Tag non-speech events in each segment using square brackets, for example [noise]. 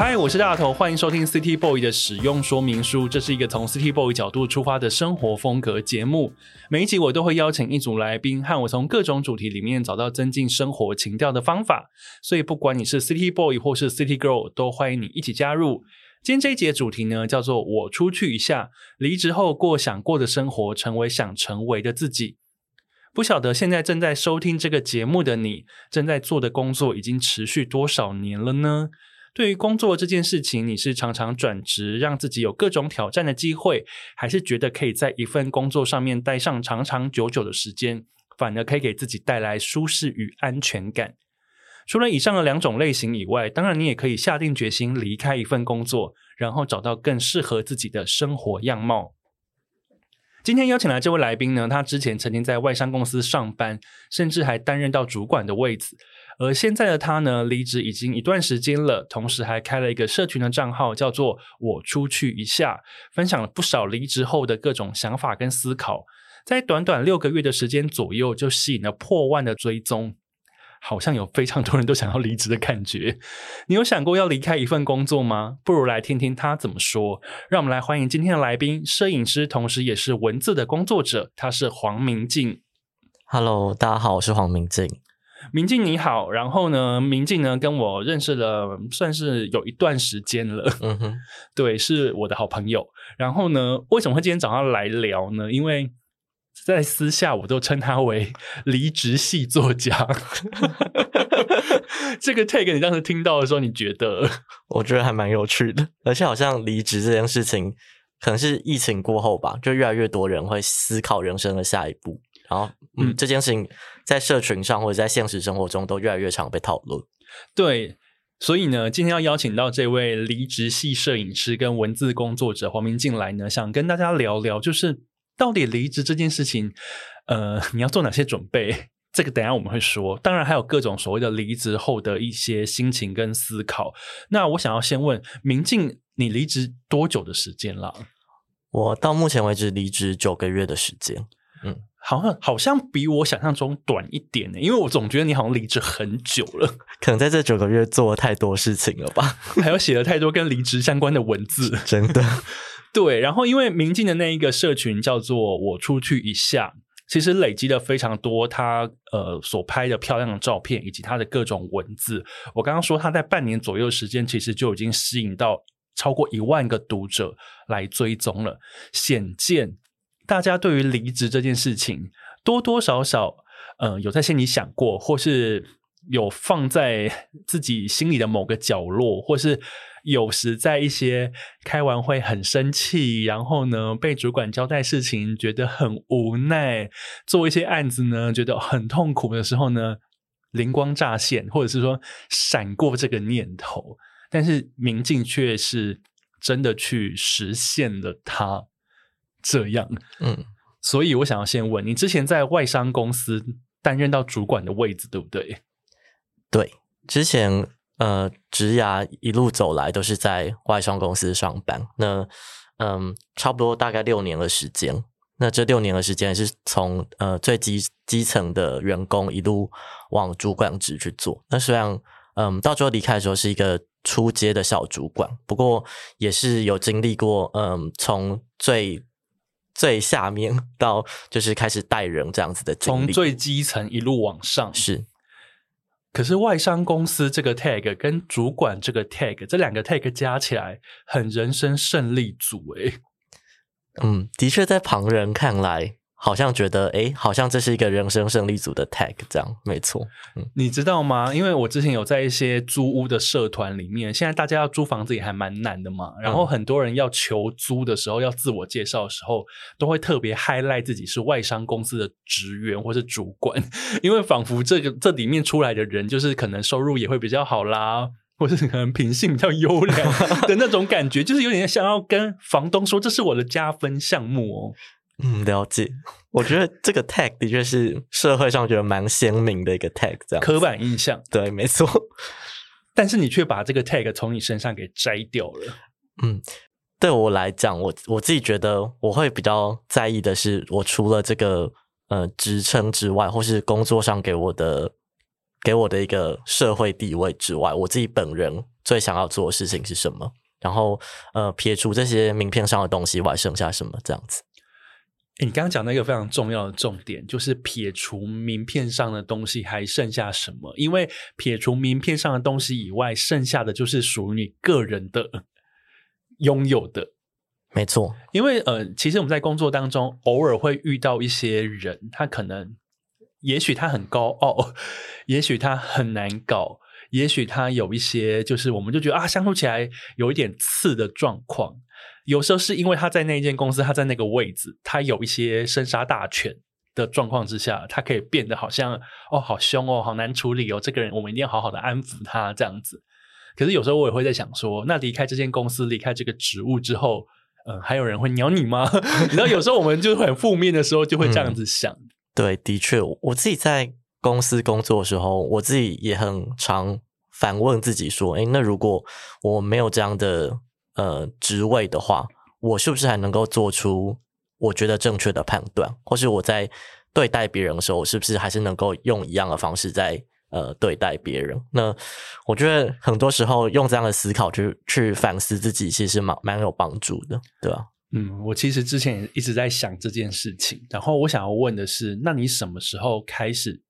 嗨，Hi, 我是大頭，歡迎收聽《City Boy》的使用說明書。這是一個從 City Boy 角度出發的生活風格節目。每一集我都會邀請一組來賓，和我從各種主題裡面找到增進生活情調的方法。所以，不管你是 City Boy 或是 City Girl，都歡迎你一起加入。今天這一集的主題呢，叫做“我出去一下，離職後過想過的生活，成為想成為的自己”。不曉得現在正在收聽這個節目的你，正在做的工作已經持續多少年了呢？對於工作這件事情，你是常常轉職，讓自己有各種挑戰的機會，還是覺得可以在一份工作上面待上長長久久的時間，反而可以給自己帶來舒適與安全感？除了以上的兩種類型以外，當然你也可以下定決心離開一份工作，然後找到更適合自己的生活樣貌。今天邀請來這位來賓呢，他之前曾經在外商公司上班，甚至還擔任到主管的位置。而現在的他呢，離職已經一段時間了，同時還開了一個社群的賬號，叫做“我出去一下”，分享了不少離職後的各種想法跟思考。在短短六個月的時間左右，就吸引了破萬的追蹤，好像有非常多人都想要離職的感覺。你有想過要離開一份工作嗎？不如來聽聽他怎麼說。讓我們來歡迎今天的來賓，攝影師，同時也是文字的工作者，他是黃銘進。Hello，大家好，我是黃銘進。銘進你好，然後呢？銘進呢跟我認識了，算是有一段時間了。嗯哼，對，是我的好朋友。然後呢，為什麼會今天早上來聊呢？因為在私下我都稱他為離職系作家。 [laughs] [laughs] 這個 tag 你當時聽到的時候，你覺得？我覺得還蠻有趣的，而且好像離職這件事情，可能是疫情過後吧，就越來越多人會思考人生的下一步。好，嗯，嗯，這件事情在社群上或者在現實生活中都越來越常被討論。對，所以呢，今天要邀請到這位離職系攝影師跟文字工作者黃銘進來呢，想跟大家聊聊，就是到底離職這件事情，呃，你要做哪些準備？這個等下我們會說。當然還有各種所謂的離職後的一些心情跟思考。那我想要先問銘進，你離職多久的時間了？我到目前為止離職九個月的時間。好像好像比我想象中短一點呢，因為我總覺得你好像離職很久了，可能在這九個月做了太多事情了吧， [laughs] 還有寫了太多跟離職相關的文字，真的， [laughs] 對。然後因為銘進的那一個社群叫做“我出去一下”，其實累積了非常多他，他呃所拍的漂亮的照片以及他的各種文字。我剛剛說他在半年左右的時間，其實就已經吸引到超過一萬個讀者來追蹤了，顯見大家對於離職這件事情，多多少少，嗯、呃，有在心裡想過，或是有放在自己心裡的某個角落，或是有時在一些開完會很生氣，然後呢，被主管交代事情覺得很無奈，做一些案子呢，覺得很痛苦的時候呢，靈光乍現，或者是說閃過這個念頭，但是銘進卻是真的去實現了它。這樣，嗯，所以我想要先問你，之前在外商公司擔任到主管的位置，對不對？對，之前呃，職涯一路走來都是在外商公司上班，那嗯、呃，差不多大概六年的時間。那這六年的時間是從呃最基基層的員工一路往主管職去做。那雖然嗯、呃，到最後離開的時候是一個初階的小主管，不過也是有經歷過嗯、呃、從最最下面到，就是開始帶人這樣子的，從最基層一路往上是。可是外商公司這個 tag 跟主管這個 tag 這兩個 tag 加起來，很人生勝利組誒、欸。嗯，的確在旁人看來。好像覺得哎、欸，好像這是一個人生勝利組的 tag，這樣沒錯。嗯、你知道嗎？因為我之前有在一些租屋的社團裡面，現在大家要租房子也還蠻難的嘛。然後很多人要求租的時候，要自我介紹的時候，都會特別 high 賴自己是外商公司的職員或是主管，因為仿佛這個這裡面出來的人，就是可能收入也會比較好啦，或是可能品性比較優良的那種感覺， [laughs] 就是有點像要跟房東說這是我的加分項目哦。嗯，了解。我覺得這個 tag 的確是社會上覺得蠻鮮明的一個 tag，這樣刻板印象。對，沒錯。但是你卻把這個 tag 從你身上給摘掉了。嗯，對我來講，我我自己覺得我會比較在意的是，我除了這個呃職稱之外，或是工作上給我的給我的一個社會地位之外，我自己本人最想要做的事情是什麼？然後呃，撇除這些名片上的東西外，我還剩下什麼？這樣子。你剛剛講到一個非常重要的重點，就是撇除名片上的東西，還剩下什麼？因為撇除名片上的東西以外，剩下的就是屬於你個人的、嗯、擁有的。沒錯，因為呃，其實我們在工作當中偶爾會遇到一些人，他可能，也許他很高傲，也許他很難搞，也許他有一些就是，我們就覺得啊，相處起來有一點刺的狀況。有時候是因為他在那間公司，他在那個位置，他有一些生殺大權的狀況之下，他可以變得好像哦，好凶哦，好難處理哦。這個人我們一定要好好的安撫他這樣子。可是有時候我也會在想說，那離開這間公司，離開這個職務之後，嗯，還有人會鳥你嗎？ [laughs] 你知道，有時候我們就很負面的時候，就會這樣子想。嗯、對，的確，我自己在公司工作的時候，我自己也很常反問自己說，哎、欸，那如果我沒有這樣的。呃，職位的話，我是不是還能夠做出我覺得正確的判斷，或是我在對待別人的時候，我是不是還是能夠用一樣的方式在呃對待別人？那我覺得很多時候用這樣的思考去去反思自己，其實蠻蠻有幫助的，對吧、啊？嗯，我其實之前一直在想這件事情，然後我想要問的是，那你什麼時候開始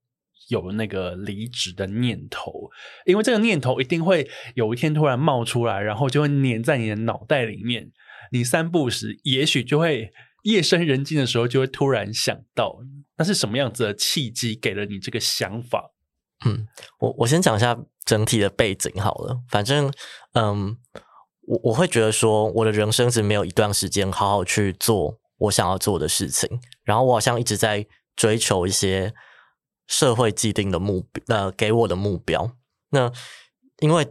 有了那個離職的念頭，因為這個念頭一定會有一天突然冒出來，然後就會粘在你的腦袋裡面。你散步時，也許就會夜深人靜的時候，就會突然想到，那是什麼樣子的契機給了你這個想法？嗯，我我先講一下整體的背景好了。反正，嗯，我我會覺得說，我的人生是沒有一段時間好好去做我想要做的事情，然後我好像一直在追求一些。社會既定的目標，呃，給我的目標。那因為、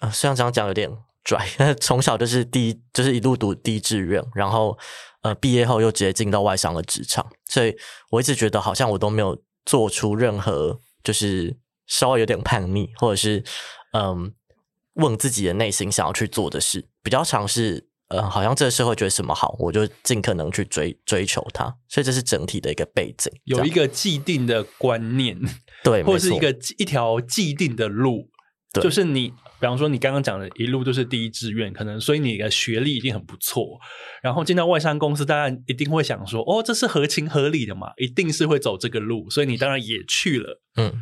呃，雖然這樣講有點拽，但從小就是第一，就是一路讀第一志願，然後呃，畢業後又直接進到外商的職場，所以我一直覺得好像我都沒有做出任何，就是稍微有點叛逆，或者是嗯、呃，問自己的內心想要去做的事，比較常是。嗯，好像這個社會覺得什麼好，我就盡可能去追追求它，所以這是整體的一個背景，有一個既定的觀念，對，或者是一個沒錯，一條既定的路，對，就是你，比方說你剛剛講的，一路都是第一志願，可能所以你的學歷一定很不錯，然後進到外商公司，當然一定會想說，哦，這是合情合理的嘛，一定是會走這個路，所以你當然也去了，嗯，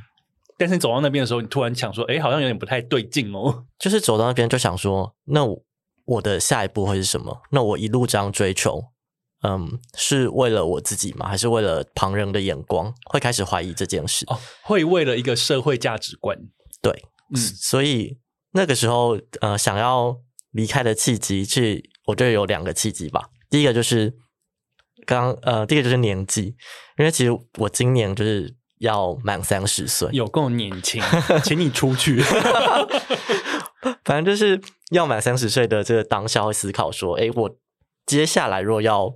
但是你走到那邊的時候，你突然想說，哎，好像有點不太對勁哦，就是走到那邊就想說，那我。我的下一步會是什麼？那我一路這樣追求，嗯，是為了我自己嗎？還是為了旁人的眼光？會開始懷疑這件事，哦，會為了一個社會價值觀？對，嗯，所以那個時候，呃，想要離開的契機，是我覺得有兩個契機吧。第一個就是剛，呃，第一個就是年紀，因為其實我今年就是要滿三十歲，有夠年輕，請你出去。 [laughs] [laughs] 反正就是要滿三十歲的這個當下，會思考說：哎、欸，我接下來若要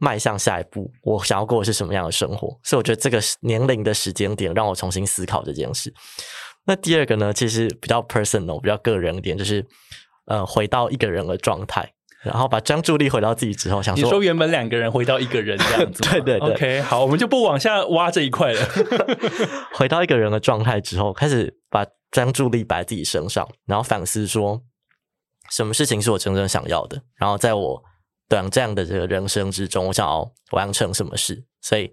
邁向下一步，我想要過的是什麼樣的生活？所以我覺得這個年齡的時間點，讓我重新思考這件事。那第二個呢，其實比較 personal、比較個人一點，就是呃、嗯，回到一個人的狀態。然後把專注力回到自己之後，想說，你說原本兩個人回到一個人這樣子， [laughs] 對對對。OK，好，我們就不往下挖這一塊了。 [laughs] 回到一個人的狀態之後，開始把專注力擺在自己身上，然後反思說，什麼事情是我真正想要的？然後在我短暫的這個人生之中，我想要完成什麼事？所以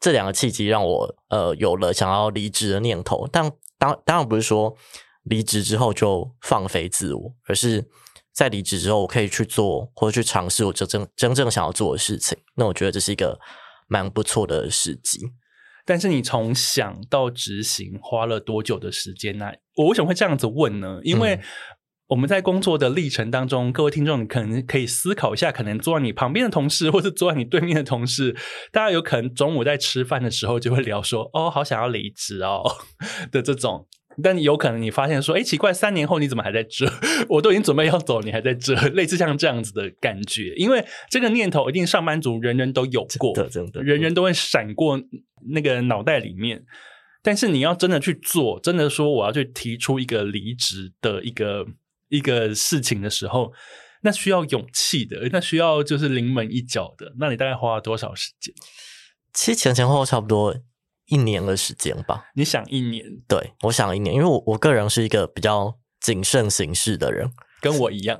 這兩個契機讓我呃有了想要離職的念頭，但當當然不是說離職之後就放飛自我，而是。在離職之後，我可以去做或者，去嘗試我就真正真正想要做的事情。那我覺得這是一個蠻不錯的時機。但是你從想到執行花了多久的時間呢？啊？我為什麼會這樣子問呢？因為我們在工作的歷程當中，嗯、各位聽眾，你可能可以思考一下，可能坐在你旁邊的同事，或者坐在你對面的同事，大家有可能中午在吃飯的時候就會聊說：“哦，好想要離職哦”的這種。但有可能你發現說，誒、欸、奇怪，三年後你怎麼還在這？ [laughs] 我都已經準備要走，你還在這，類似像這樣子的感覺。因為這個念頭一定上班族人人都有過，真的，真的真的真的人人都會閃過那個腦袋裡面。但是你要真的去做，真的說我要去提出一個離職的一個一個事情的時候，那需要勇氣的，那需要就是臨門一腳的。那你大概花了多少時間？其實前前後後差不多，一年的時間吧。你想一年？對，我想一年，因為我我個人是一個比較謹慎行事的人，跟我一樣。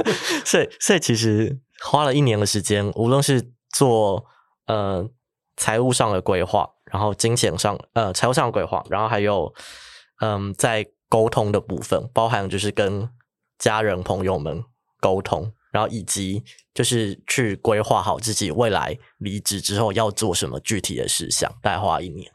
[laughs] 所以，所以其實花了一年的時間，無論是做呃財務上的規劃，然後金錢上呃財務上的規劃，然後還有嗯、呃、在溝通的部分，包含就是跟家人朋友們溝通。然後以及就是去規劃好自己未來離職之後要做什麼具體的事項，待花一年。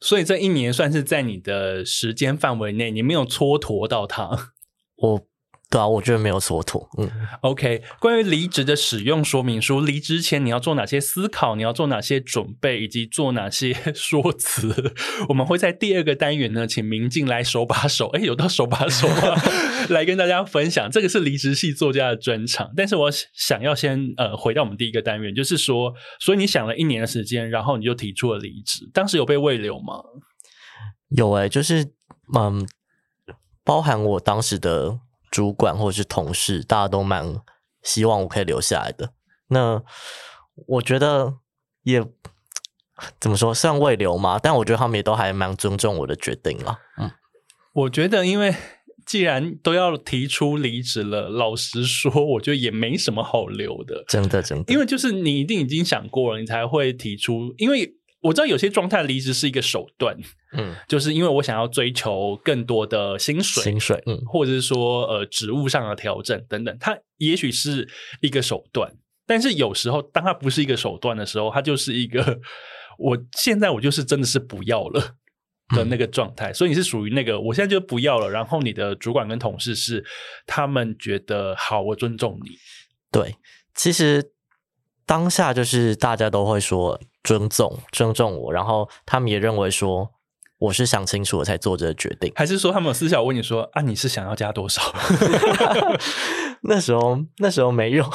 所以這一年算是在你的時間範圍內，你沒有蹉跎到它。我。對啊，我覺得沒有所圖。嗯，OK，關於離職的使用說明書，離職前你要做哪些思考？你要做哪些準備？以及做哪些說辭？我們會在第二個單元呢，請銘進來手把手。哎，有到手把手把 [laughs] 來跟大家分享。這個是離職系作家的專場，但是我想要先呃回到我們第一個單元，就是說，所以你想了一年的時間，然後你就提出了離職，當時有被慰留嗎？有哎、欸，就是嗯，包含我當時的，主管或者是同事，大家都蠻希望我可以留下來的。那我覺得也怎麼說，算未留嘛？但我覺得他們也都還蠻尊重我的決定啊。嗯，我覺得，因為既然都要提出離職了，老實說，我覺得也沒什麼好留的。真的,真的，真的，因為就是你一定已經想過了，你才會提出。因為我知道有些狀態離職是一個手段，嗯，就是因為我想要追求更多的薪水，薪水，嗯，或者是說呃，職務上的調整等等，它也許是一個手段。但是有時候，當它不是一個手段的時候，它就是一個我現在我就是真的是不要了的那個狀態。嗯，所以你是屬於那個我現在就不要了，然後你的主管跟同事是他們覺得好，我尊重你。對，其實。當下就是大家都會說尊重尊重，我，然後他們也認為說我是想清楚我才做這個決定，還是說他們有私下問你說啊，你是想要加多少？ [laughs] [laughs] 那時候那時候沒用，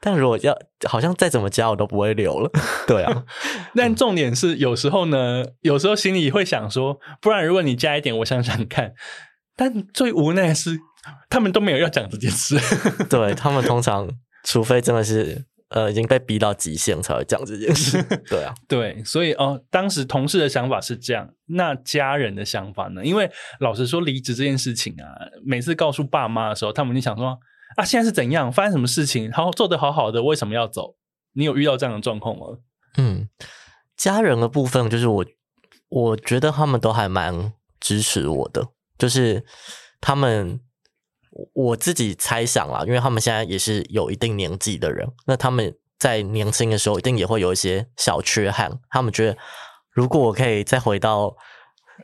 但如果要好像再怎麼加我都不會留了。對啊， [laughs] 但重點是有時候呢，有時候心裡會想說，不然如果你加一點，我想想看。但最無奈是他們都沒有要講這件事。 [laughs] 對，他們通常，除非真的是。呃，已經被逼到極限，才會講這件事，嗯、 [laughs] 對啊，對，所以哦，當時同事的想法是這樣，那家人的想法呢？因為老實說，離職這件事情啊，每次告訴爸媽的時候，他們就想說啊，現在是怎樣，發生什麼事情，然後做得好好的，為什麼要走？你有遇到這樣的狀況嗎？嗯，家人的部分就是我，我覺得他們都還蠻支持我的，就是他們。我自己猜想啦，因為他們現在也是有一定年紀的人，那他們在年輕的時候一定也會有一些小缺憾。他們覺得，如果我可以再回到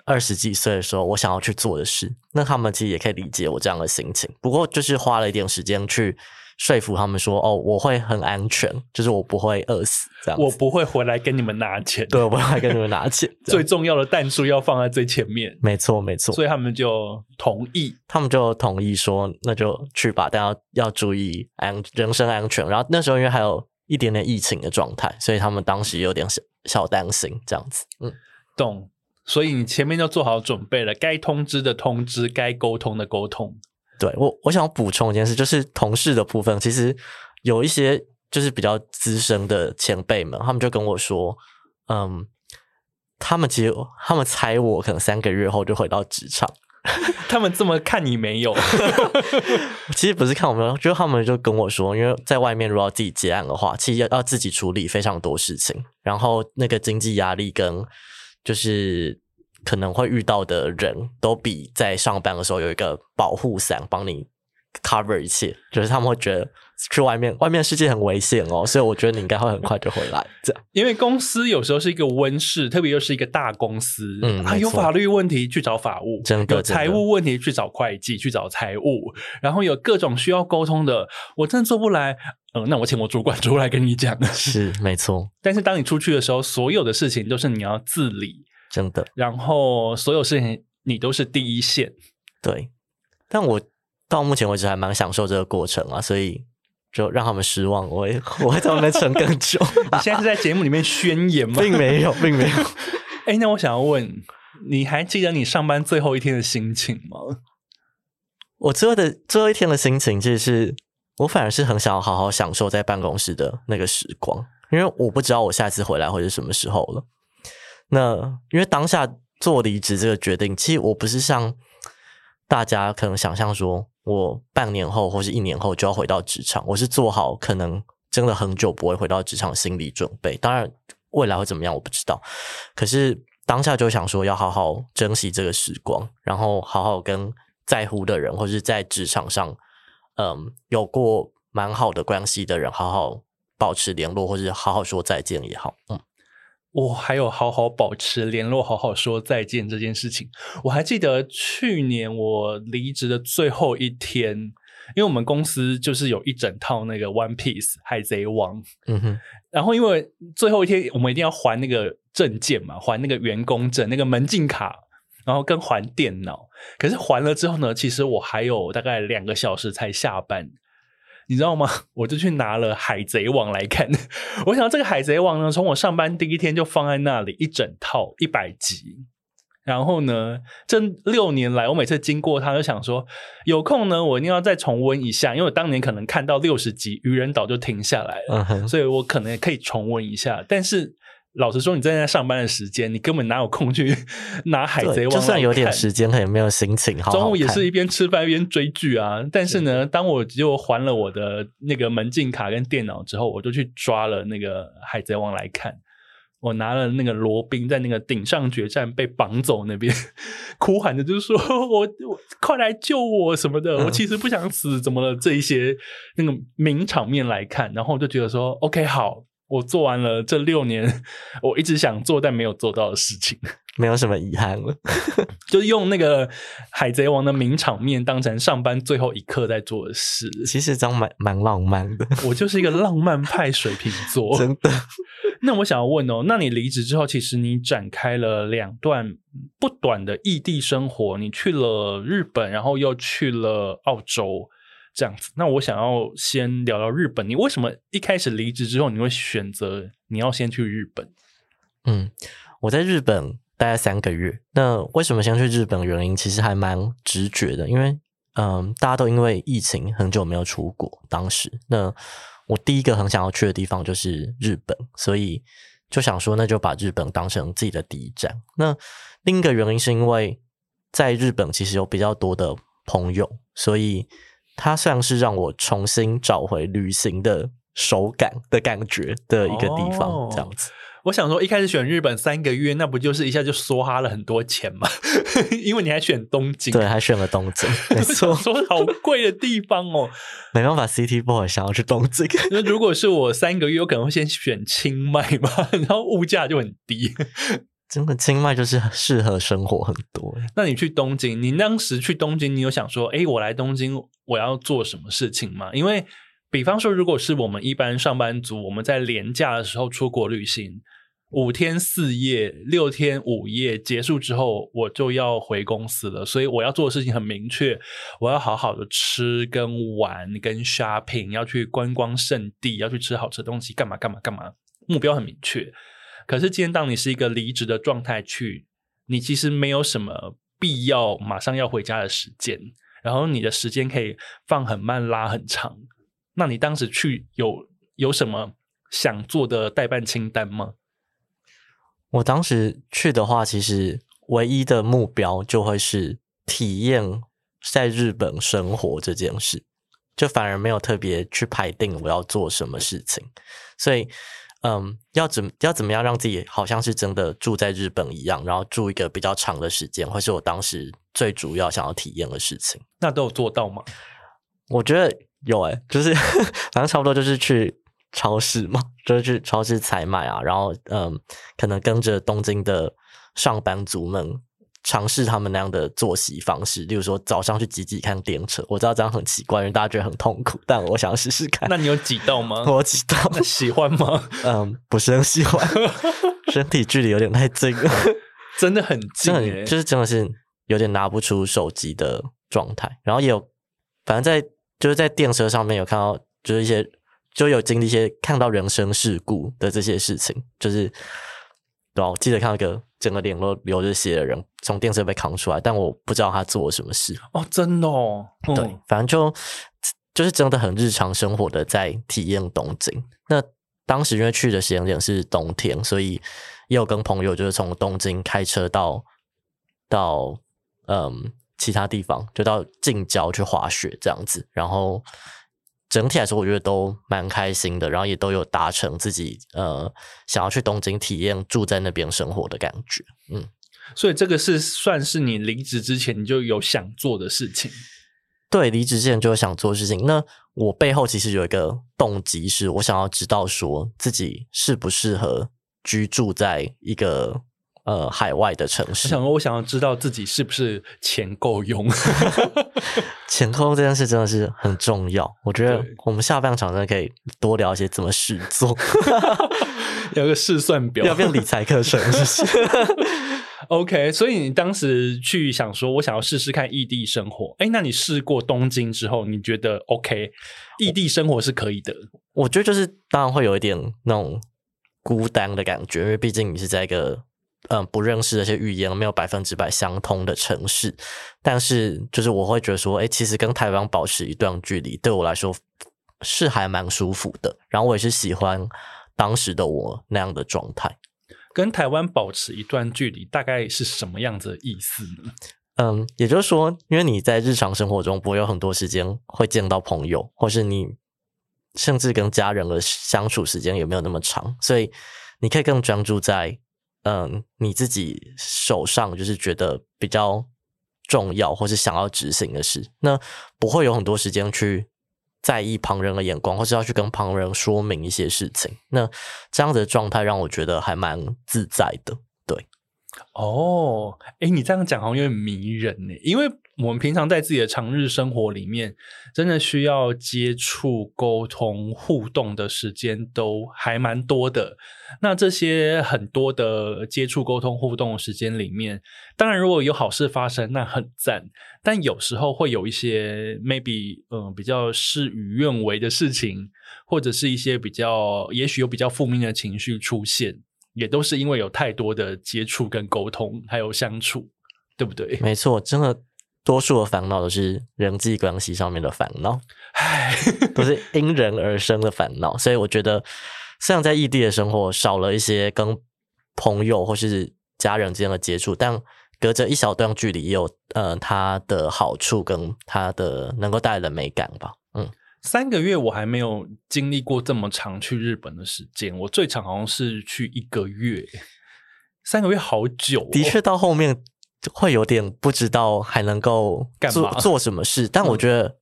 二十幾歲的時候，我想要去做的事，那他們其實也可以理解我這樣的心情。不過，就是花了一點時間去。說服他們說：“哦，我會很安全，就是我不會餓死，這樣子我不會回來跟你們拿錢。對，我不會跟你們拿錢。 [laughs] 最重要的彈珠要放在最前面，沒錯，沒錯。所以他們就同意，他們就同意說，那就去吧，但要要注意安人身安全。然後那時候因為還有一點點疫情的狀態，所以他們當時有點小，小擔心，這樣子。嗯，懂。所以你前面就做好準備了，該通知的通知，該溝通的溝通。”對我，我想補充一件事，就是同事的部分，其實有一些就是比較資深的前輩們，他們就跟我說，嗯，他們其實他們猜我可能三個月後就回到職場。 [laughs] 他們這麼看你沒有？ [laughs] [laughs] 其實不是看我們，就他們就跟我說，因為在外面如果要自己接案的話，其實要，要自己處理非常多事情，然後那個經濟壓力跟就是。可能會遇到的人都比在上班的時候有一個保護傘幫你 cover 一切，就是他們會覺得去外面，外面世界很危險哦，所以我覺得你應該會很快就回來。這樣，因為公司有時候是一個溫室，特別又是一個大公司，嗯，有法律問題去找法務，的有財務問題去找會計，去找財務，然後有各種需要溝通的，我真的做不來，嗯、呃，那我請我主管出來跟你講。是，沒錯。但是當你出去的時候，所有的事情都是你要自理。真的，然後所有事情你都是第一線，對。但我到目前為止還蠻享受這個過程啊，所以就讓他們失望我會，我我怎麼能撐更久？ [laughs] 你現在是在節目裡面宣言嗎？並沒有，並沒有。哎 [laughs] 欸，那我想要問，你還記得你上班最後一天的心情嗎？我最後的最後一天的心情，就是我反而是很想要好好享受在辦公室的那個時光，因為我不知道我下次回來會是什麼時候了。那因為當下做離職這個決定，其實我不是像大家可能想象，說我半年後或是一年後就要回到職場，我是做好可能真的很久不會回到職場的心理準備。當然未來會怎麼樣我不知道，可是當下就想說要好好珍惜這個時光，然後好好跟在乎的人，或是在職場上，嗯，有過蠻好的關係的人，好好保持聯絡，或是好好說再見也好，嗯。我、哦、還有好好保持聯絡，好好說再見這件事情。我還記得去年我離職的最後一天，因為我們公司就是有一整套那個 One Piece 海賊王，嗯哼。然後因為最後一天我們一定要還那個證件嘛，還那個員工證、那個門禁卡，然後跟還電腦。可是還了之後呢，其實我還有大概兩個小時才下班。你知道嗎？我就去拿了《海賊王》來看。 [laughs] 我想這個《海賊王》呢，從我上班第一天就放在那裡，一整套一百集。然後呢，這六年來，我每次經過它，就想說，有空呢，我一定要再重溫一下。因為我當年可能看到六十集，魚人島，就停下來了，uh huh. 所以我可能也可以重溫一下。但是。老實說，你在那上班的時間，你根本哪有空去拿《海賊王》？就算有點時間，他也沒有心情。中午也是一邊吃飯一邊追劇啊。但是呢，當我就還了我的那個門禁卡跟電腦之後，我就去抓了那個《海賊王》來看。我拿了那個羅賓在那個頂上決戰被綁走那邊哭喊着，就是說我我快來救我什麼的，我其實不想死，怎麼了？這一些那個名場面來看，然後我就覺得說，OK，好。我做完了這六年我一直想做但沒有做到的事情，沒有什麼遺憾了。 [laughs] 就用那個《海賊王》的名場面當成上班最後一刻在做的事，其實真蠻蠻浪漫的。 [laughs] 我就是一個浪漫派水平，水瓶座真的。那我想要問哦、喔，那你離職之後，其實你展開了兩段不短的異地生活，你去了日本，然後又去了澳洲。這樣子，那我想要先聊聊日本。你為什麼一開始離職之後，你會選擇你要先去日本？嗯，我在日本待了三個月。那為什麼先去日本？原因其實還蠻直覺的，因為嗯、呃，大家都因為疫情很久沒有出國，當時那我第一個很想要去的地方就是日本，所以就想說那就把日本當成自己的第一站。那另一個原因是因為在日本其實有比較多的朋友，所以。它像是讓我重新找回旅行的手感的感覺的一個地方，這樣子。Oh, 我想說，一開始選日本三個月，那不就是一下就梭哈了很多錢嗎？ [laughs] 因為你還選東京，對，還選了東京， [laughs] 沒錯錯，說好貴的地方哦、喔， [laughs] 沒辦法，city boy 想要去東京。那 [laughs] 如果是我三個月，有可能會先選清邁吧，然後物價就很低。真的，清邁就是適合生活很多。那你去東京，你當時去東京，你有想說，哎、欸，我來東京我要做什麼事情嗎？因為，比方說，如果是我們一般上班族，我們在年假的時候出國旅行，五天四夜、六天五夜結束之後，我就要回公司了，所以我要做的事情很明確，我要好好的吃、跟玩、跟 shopping，要去觀光勝地，要去吃好吃的東西，幹嘛幹嘛幹嘛，目標很明確。可是今天，當你是一個離職的狀態去，你其實沒有什麼必要馬上要回家的時間，然後你的時間可以放很慢，拉很長。那你當時去有有什麼想做的待辦清單嗎？我當時去的話，其實唯一的目標就會是體驗在日本生活這件事，就反而沒有特別去排定我要做什麼事情，所以。嗯，要怎要怎麼樣讓自己好像是真的住在日本一樣，然後住一個比較長的時間，或是我當時最主要想要體驗的事情。那都有做到嗎？我覺得有誒、欸、就是，呵呵，反正差不多就是去超市嘛，就是去超市採買啊，然後嗯，可能跟着東京的上班族們。嘗試他們那樣的作息方式，例如說早上去擠擠看電車。我知道這樣很奇怪，因為大家覺得很痛苦，但我想試試看。那你有擠到嗎？我擠到，擠到那喜歡嗎？嗯，不是很喜歡， [laughs] 身體距離有點太近了，真的很近、欸真的很。就是真的是有點拿不出手機的狀態。然後也有，反正在就是在電車上面有看到，就是一些就有經歷一些看到人生事故的這些事情，就是對吧、啊？我記得看到一個。整個臉都流着血的人從電車被扛出來，但我不知道他做了什麼事。哦，真的哦，對，嗯、反正就就是真的很日常生活的在體驗東京。那當時因為去的時間點是冬天，所以也有跟朋友就是從東京開車到到嗯其他地方，就到近郊去滑雪這樣子，然後。整體來說，我覺得都蠻開心的，然後也都有達成自己呃想要去東京體驗住在那邊生活的感覺。嗯，所以這個是算是你離職之前你就有想做的事情。對，離職之前就有想做的事情。那我背後其實有一個動機，是我想要知道說自己適不適合居住在一個。呃，海外的城市。我想我想要知道自己是不是錢夠用，錢 [laughs] 夠用 [laughs] 這件事真的是很重要。我覺得我們下半場呢可以多聊一些怎麼去做， [laughs] [laughs] 有個試算表，要不要理財課程 [laughs] [laughs] ？OK，所以你當時去想說我想要試試看異地生活，哎、欸，那你試過東京之後，你覺得 OK？異地生活是可以的。我，我覺得就是當然會有一點那種孤單的感覺，因為畢竟你是在一個。嗯，不認識這些語言，沒有百分之百相通的城市。但是，就是我會覺得說，哎、欸，其實跟台灣保持一段距離，對我來說是還蠻舒服的。然後，我也是喜歡當時的我那樣的狀態。跟台灣保持一段距離，大概是什麼樣子的意思呢？嗯，也就是說，因為你在日常生活中不會有很多時間會見到朋友，或是你甚至跟家人的相處時間也沒有那麼長，所以你可以更專注在。嗯，你自己手上就是覺得比較重要，或是想要執行的事，那不會有很多時間去在意旁人的眼光，或是要去跟旁人說明一些事情。那這樣子的狀態讓我覺得還蠻自在的。對，哦，誒，你這樣講好像有點迷人耶，因為。我們平常在自己的常日生活裡面，真的需要接觸、溝通、互動的時間都還蠻多的。那這些很多的接觸、溝通、互動的時間裡面，當然如果有好事發生，那很讚；但有時候會有一些 maybe 嗯、呃、比較事與願違的事情，或者是一些比較也許有比較負面的情緒出現，也都是因為有太多的接觸、跟溝通還有相處，對不對？沒錯，真的。多數的煩惱都是人際關係上面的煩惱，唉， [laughs] 都是因人而生的煩惱。所以我覺得，雖然在異地的生活少了一些跟朋友或是家人之間的接觸，但隔着一小段距離也有呃它的好處跟它的能夠帶來的美感吧。嗯，三個月我還沒有經歷過這麼長去日本的時間，我最長好像是去一個月。三個月好久哦，的確到後面。會有點不知道還能夠做幹嘛做什麼事，但我覺得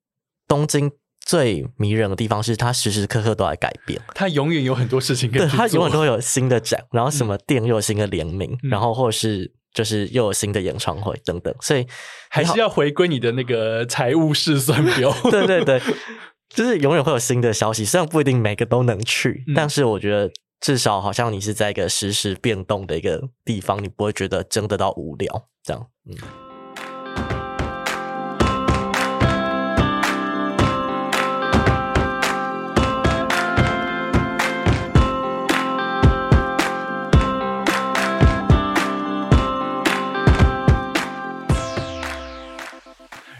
東京最迷人的地方是它時時刻刻都在改變，它、嗯、永遠有很多事情跟去，對它永遠都會有新的展，嗯、然後什麼店又有新的聯名，嗯、然後或者是就是又有新的演唱會等等，所以還是要回歸你的那個財務試算表， [laughs] 對對對，就是永遠會有新的消息，雖然不一定每個都能去，嗯、但是我覺得。至少好像你是在一個時時變動的一個地方，你不會覺得真的到無聊這樣，嗯。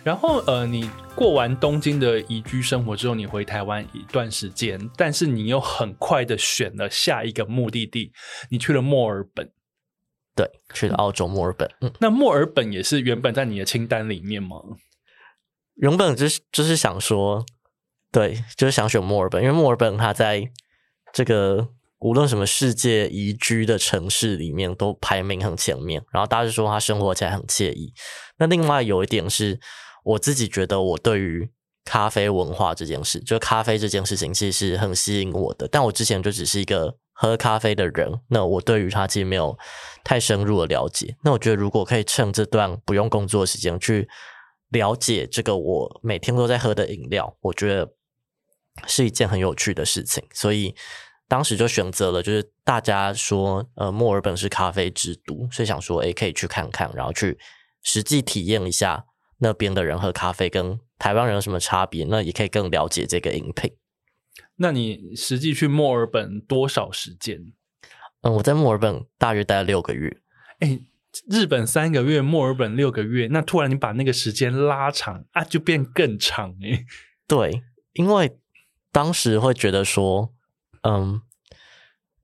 然後呃，你過完東京的宜居生活之後，你回台灣一段時間，但是你又很快地選了下一個目的地，你去了墨爾本，對，去了澳洲墨爾本。嗯嗯、那墨爾本也是原本在你的清單裡面嗎？原本就是就是想說，對，就是想選墨爾本，因為墨爾本它在這個無論什麼世界宜居的城市裡面都排名很前面，然後大家就說它生活起來很愜意。那另外有一點是。我自己覺得，我對於咖啡文化這件事，就咖啡這件事情，其實是很吸引我的。但我之前就只是一個喝咖啡的人，那我對於它其實沒有太深入的了解。那我覺得，如果可以趁這段不用工作時間去了解這個我每天都在喝的飲料，我覺得是一件很有趣的事情。所以當時就選擇了，就是大家說，呃，墨爾本是咖啡之都，所以想說，哎、欸，可以去看看，然後去實際體驗一下。那邊的人喝咖啡跟台灣人有什麼差別？那也可以更了解這個飲品。那你實際去墨爾本多少時間？嗯，我在墨爾本大約待了六個月。欸，日本三個月，墨爾本六個月，那突然你把那個時間拉長，啊，就變更長欸。對，因為當時會覺得說，嗯，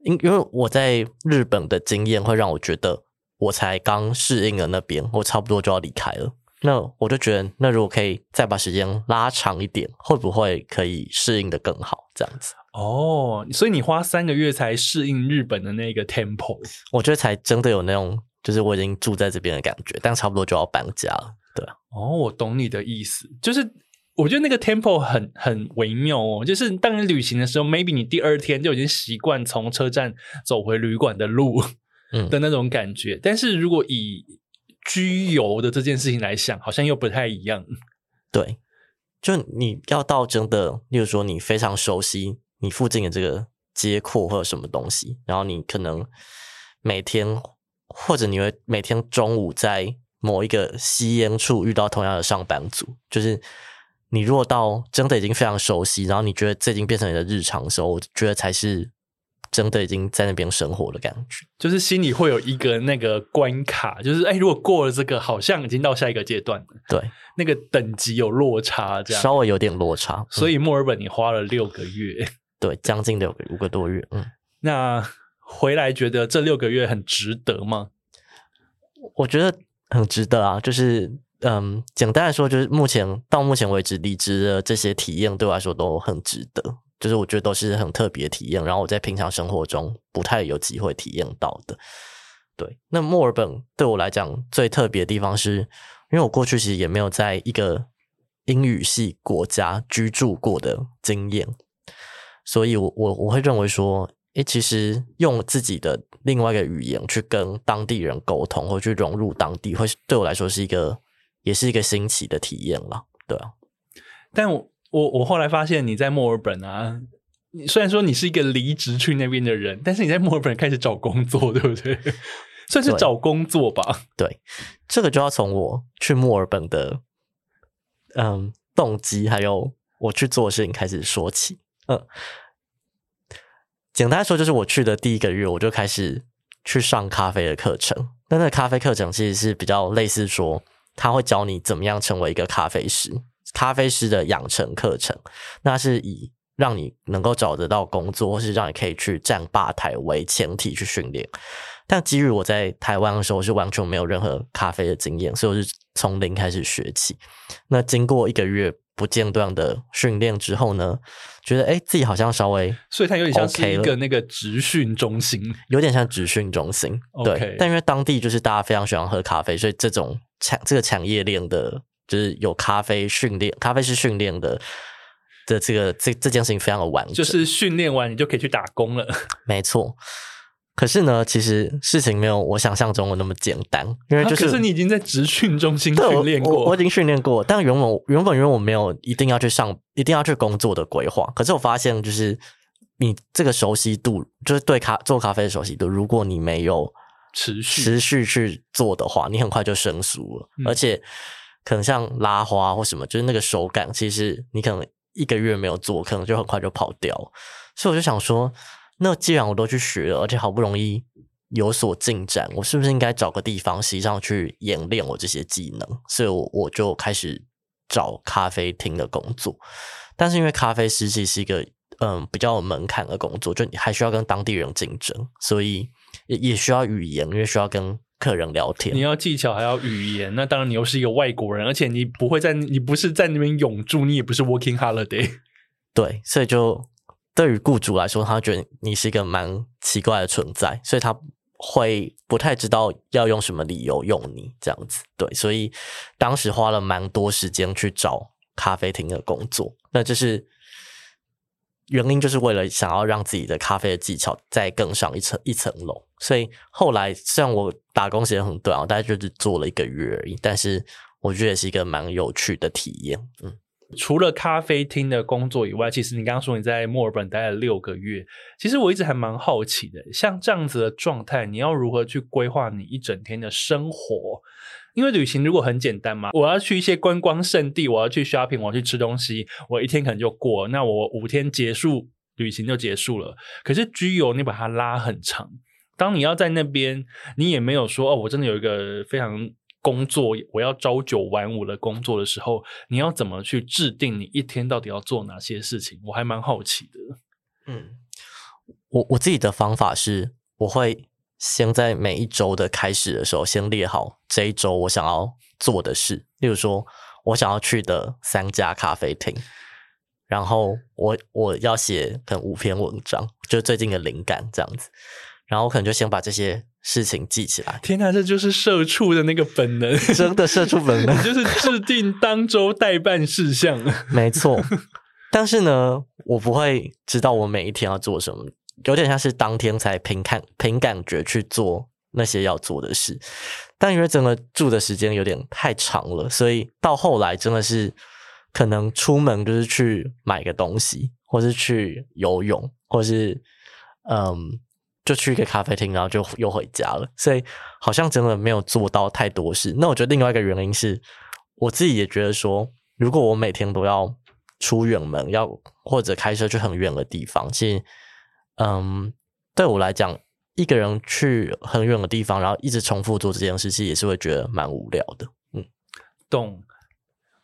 因因為我在日本的經驗會讓我覺得，我才剛適應了那邊，我差不多就要離開了。那我就覺得，那如果可以再把時間拉長一點，會不會可以適應得更好？這樣子哦，oh, 所以你花三個月才適應日本的那個 tempo。我覺得才真的有那種，就是我已經住在這邊的感覺，但差不多就要搬家了，對。哦，oh, 我懂你的意思，就是我覺得那個 tempo 很很微妙哦，就是當你旅行的時候，maybe 你第二天就已經習慣從車站走回旅館的路，嗯的那種感覺。嗯，但是如果以居遊的這件事情來想，好像又不太一樣。對，就你要到真的，例如說你非常熟悉你附近的這個街廓或者什麼東西，然後你可能每天或者你會每天中午在某一個吸煙處遇到同樣的上班族。就是你如果到真的已經非常熟悉，然後你覺得這已經變成你的日常的時候，我覺得才是。真的已經在那邊生活的感覺，就是心裡會有一個那個關卡，就是哎，如果過了這個，好像已經到下一個階段了，對，那個等級有落差，這樣稍微有點落差。所以墨爾本你花了六個月，嗯、對，將近六個五個多月。嗯，那回來覺得這六個月很值得嗎？我覺得很值得啊，就是嗯，簡單來說，就是目前到目前為止，離職的這些體驗對我來說都很值得。就是我覺得都是很特別的體驗，然後我在平常生活中不太有機會體驗到的。對，那墨爾本對我來講最特別的地方是，因為我過去其實也沒有在一個英語系國家居住過的經驗，所以我我我會認為說，誒、欸，其實用自己的另外一個語言去跟當地人溝通，或者去融入當地會，會對我來說是一個，也是一個新奇的體驗了。對、啊，但我。我我後來發現，你在墨爾本啊你，雖然說你是一個離職去那邊的人，但是你在墨爾本開始找工作，對不對？算是找工作吧。對、對，這個就要從我去墨爾本的嗯動機，還有我去做的事情開始說起。嗯，簡單說就是我去的第一個月，我就開始去上咖啡的課程。那那個咖啡課程其實是比較類似說，他會教你怎麼樣成為一個咖啡師。咖啡師的養成課程，那是以讓你能夠找得到工作，或是讓你可以去站吧台為前提去訓練。但基於我在台灣的時候，是完全沒有任何咖啡的經驗，所以我是從零開始學起。那經過一個月不間斷的訓練之後呢，覺得哎，自己好像稍微、okay ……所以它有點像是一個那個職訓中心，有點像職訓中心。對，Okay. 但因為當地就是大家非常喜歡喝咖啡，所以這種產這個產業鏈的。就是有咖啡訓練，咖啡師訓練的的這個這這件事情非常的完，就是訓練完你就可以去打工了。沒錯，可是呢，其實事情沒有我想象中的那麼簡單，因為就是，啊、可是你已經在職訓中心訓練過，我，我，我已經訓練過，但原本原本原本我沒有一定要去上，一定要去工作的規劃。可是我發現，就是你這個熟悉度，就是對咖做咖啡的熟悉度，如果你沒有持續持續去做的話，你很快就生疏了，嗯、而且。可能像拉花或什麼，就是那個手感，其實你可能一個月沒有做，可能就很快就跑掉了。所以我就想說，那既然我都去學了，而且好不容易有所進展，我是不是應該找個地方實際上去演練我這些技能？所以我就開始找咖啡廳的工作，但是因為咖啡師是一個嗯比較有門檻的工作，就你還需要跟當地人競爭，所以也也需要語言，因為需要跟。客人聊天，你要技巧還要語言，那當然你又是一個外國人，而且你不會在你不是在那邊永住，你也不是 working holiday，對，所以就對於雇主來說，他覺得你是一個蠻奇怪的存在，所以他會不太知道要用什麼理由用你這樣子，對，所以當時花了蠻多時間去找咖啡廳的工作，那就是原因，就是為了想要讓自己的咖啡的技巧再更上一層一層樓。所以後來，雖然我打工時間很短，我大概就只做了一個月而已，但是我覺得也是一個蠻有趣的體驗。嗯，除了咖啡廳的工作以外，其實你剛剛說你在墨爾本待了六個月，其實我一直還蠻好奇的，像這樣子的狀態，你要如何去規劃你一整天的生活？因為旅行如果很簡單嘛，我要去一些觀光勝地，我要去 shopping，我要去吃東西，我一天可能就過，那我五天結束旅行就結束了。可是居遊你把它拉很長。當你要在那邊，你也沒有說哦，我真的有一個非常工作，我要朝九晚五的工作的時候，你要怎麼去制定你一天到底要做哪些事情？我還蠻好奇的。嗯，我我自己的方法是，我會先在每一周的開始的時候，先列好這一周我想要做的事，例如說我想要去的三家咖啡廳，然後我我要寫可能五篇文章，就最近的靈感這樣子。然後我可能就先把這些事情記起來。天啊，這就是社畜的那個本能，真的社畜本能，就是制定當周待辦事項。 [laughs] 沒錯，但是呢，我不會知道我每一天要做什麼，有點像是當天才憑看憑感覺去做那些要做的事。但因為真的住的時間有點太長了，所以到後來真的是可能出門就是去買個東西，或是去游泳，或是嗯。就去一個咖啡廳，然後就又回家了，所以好像真的沒有做到太多事。那我覺得另外一個原因是，我自己也覺得說，如果我每天都要出遠門，要或者開車去很遠的地方，其實，嗯，對我來講，一個人去很遠的地方，然後一直重複做這件事情，也是會覺得蠻無聊的。嗯，懂。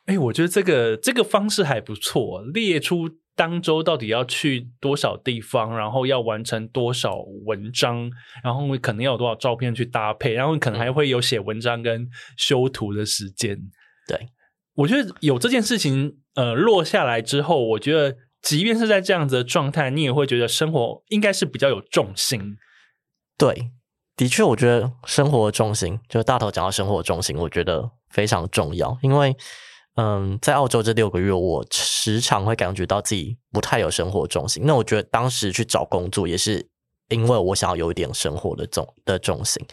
哎、欸，我覺得這個這個方式還不錯，列出。當周到底要去多少地方，然後要完成多少文章，然後可能要有多少照片去搭配，然後可能還會有寫文章跟修圖的時間。嗯、對，我覺得有這件事情，呃，落下來之後，我覺得即便是在這樣子的狀態，你也會覺得生活應該是比較有重心。對，的確，我覺得生活的重心，就是大頭講到生活的重心，我覺得非常重要，因為。嗯，在澳洲這六個月，我時常會感覺到自己不太有生活重心。那我覺得當時去找工作，也是因為我想要有一點生活的重的重心。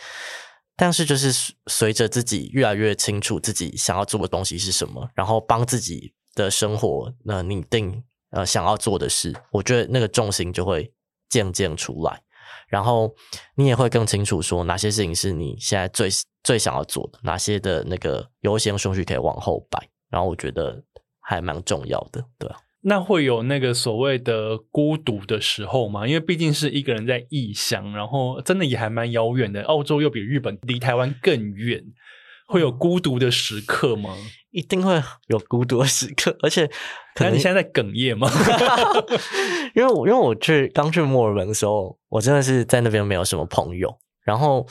但是，就是隨隨著自己越來越清楚自己想要做的東西是什麼，然後幫自己的生活那擬定呃想要做的事，我覺得那個重心就會漸漸出來。然後你也會更清楚說哪些事情是你現在最最想要做的，哪些的那個優先順序可以往後擺。然後我覺得還蠻重要的，對啊。那會有那個所謂的孤獨的時候嗎？因為畢竟是一個人在異鄉，然後真的也還蠻遙遠的。澳洲又比日本離台灣更遠，會有孤獨的時刻嗎？一定會有孤獨的時刻，而且可能你現在在哽咽嗎？ [laughs] [laughs] 因為我，因為我去剛去墨爾本的時候，我真的是在那邊沒有什麼朋友，然後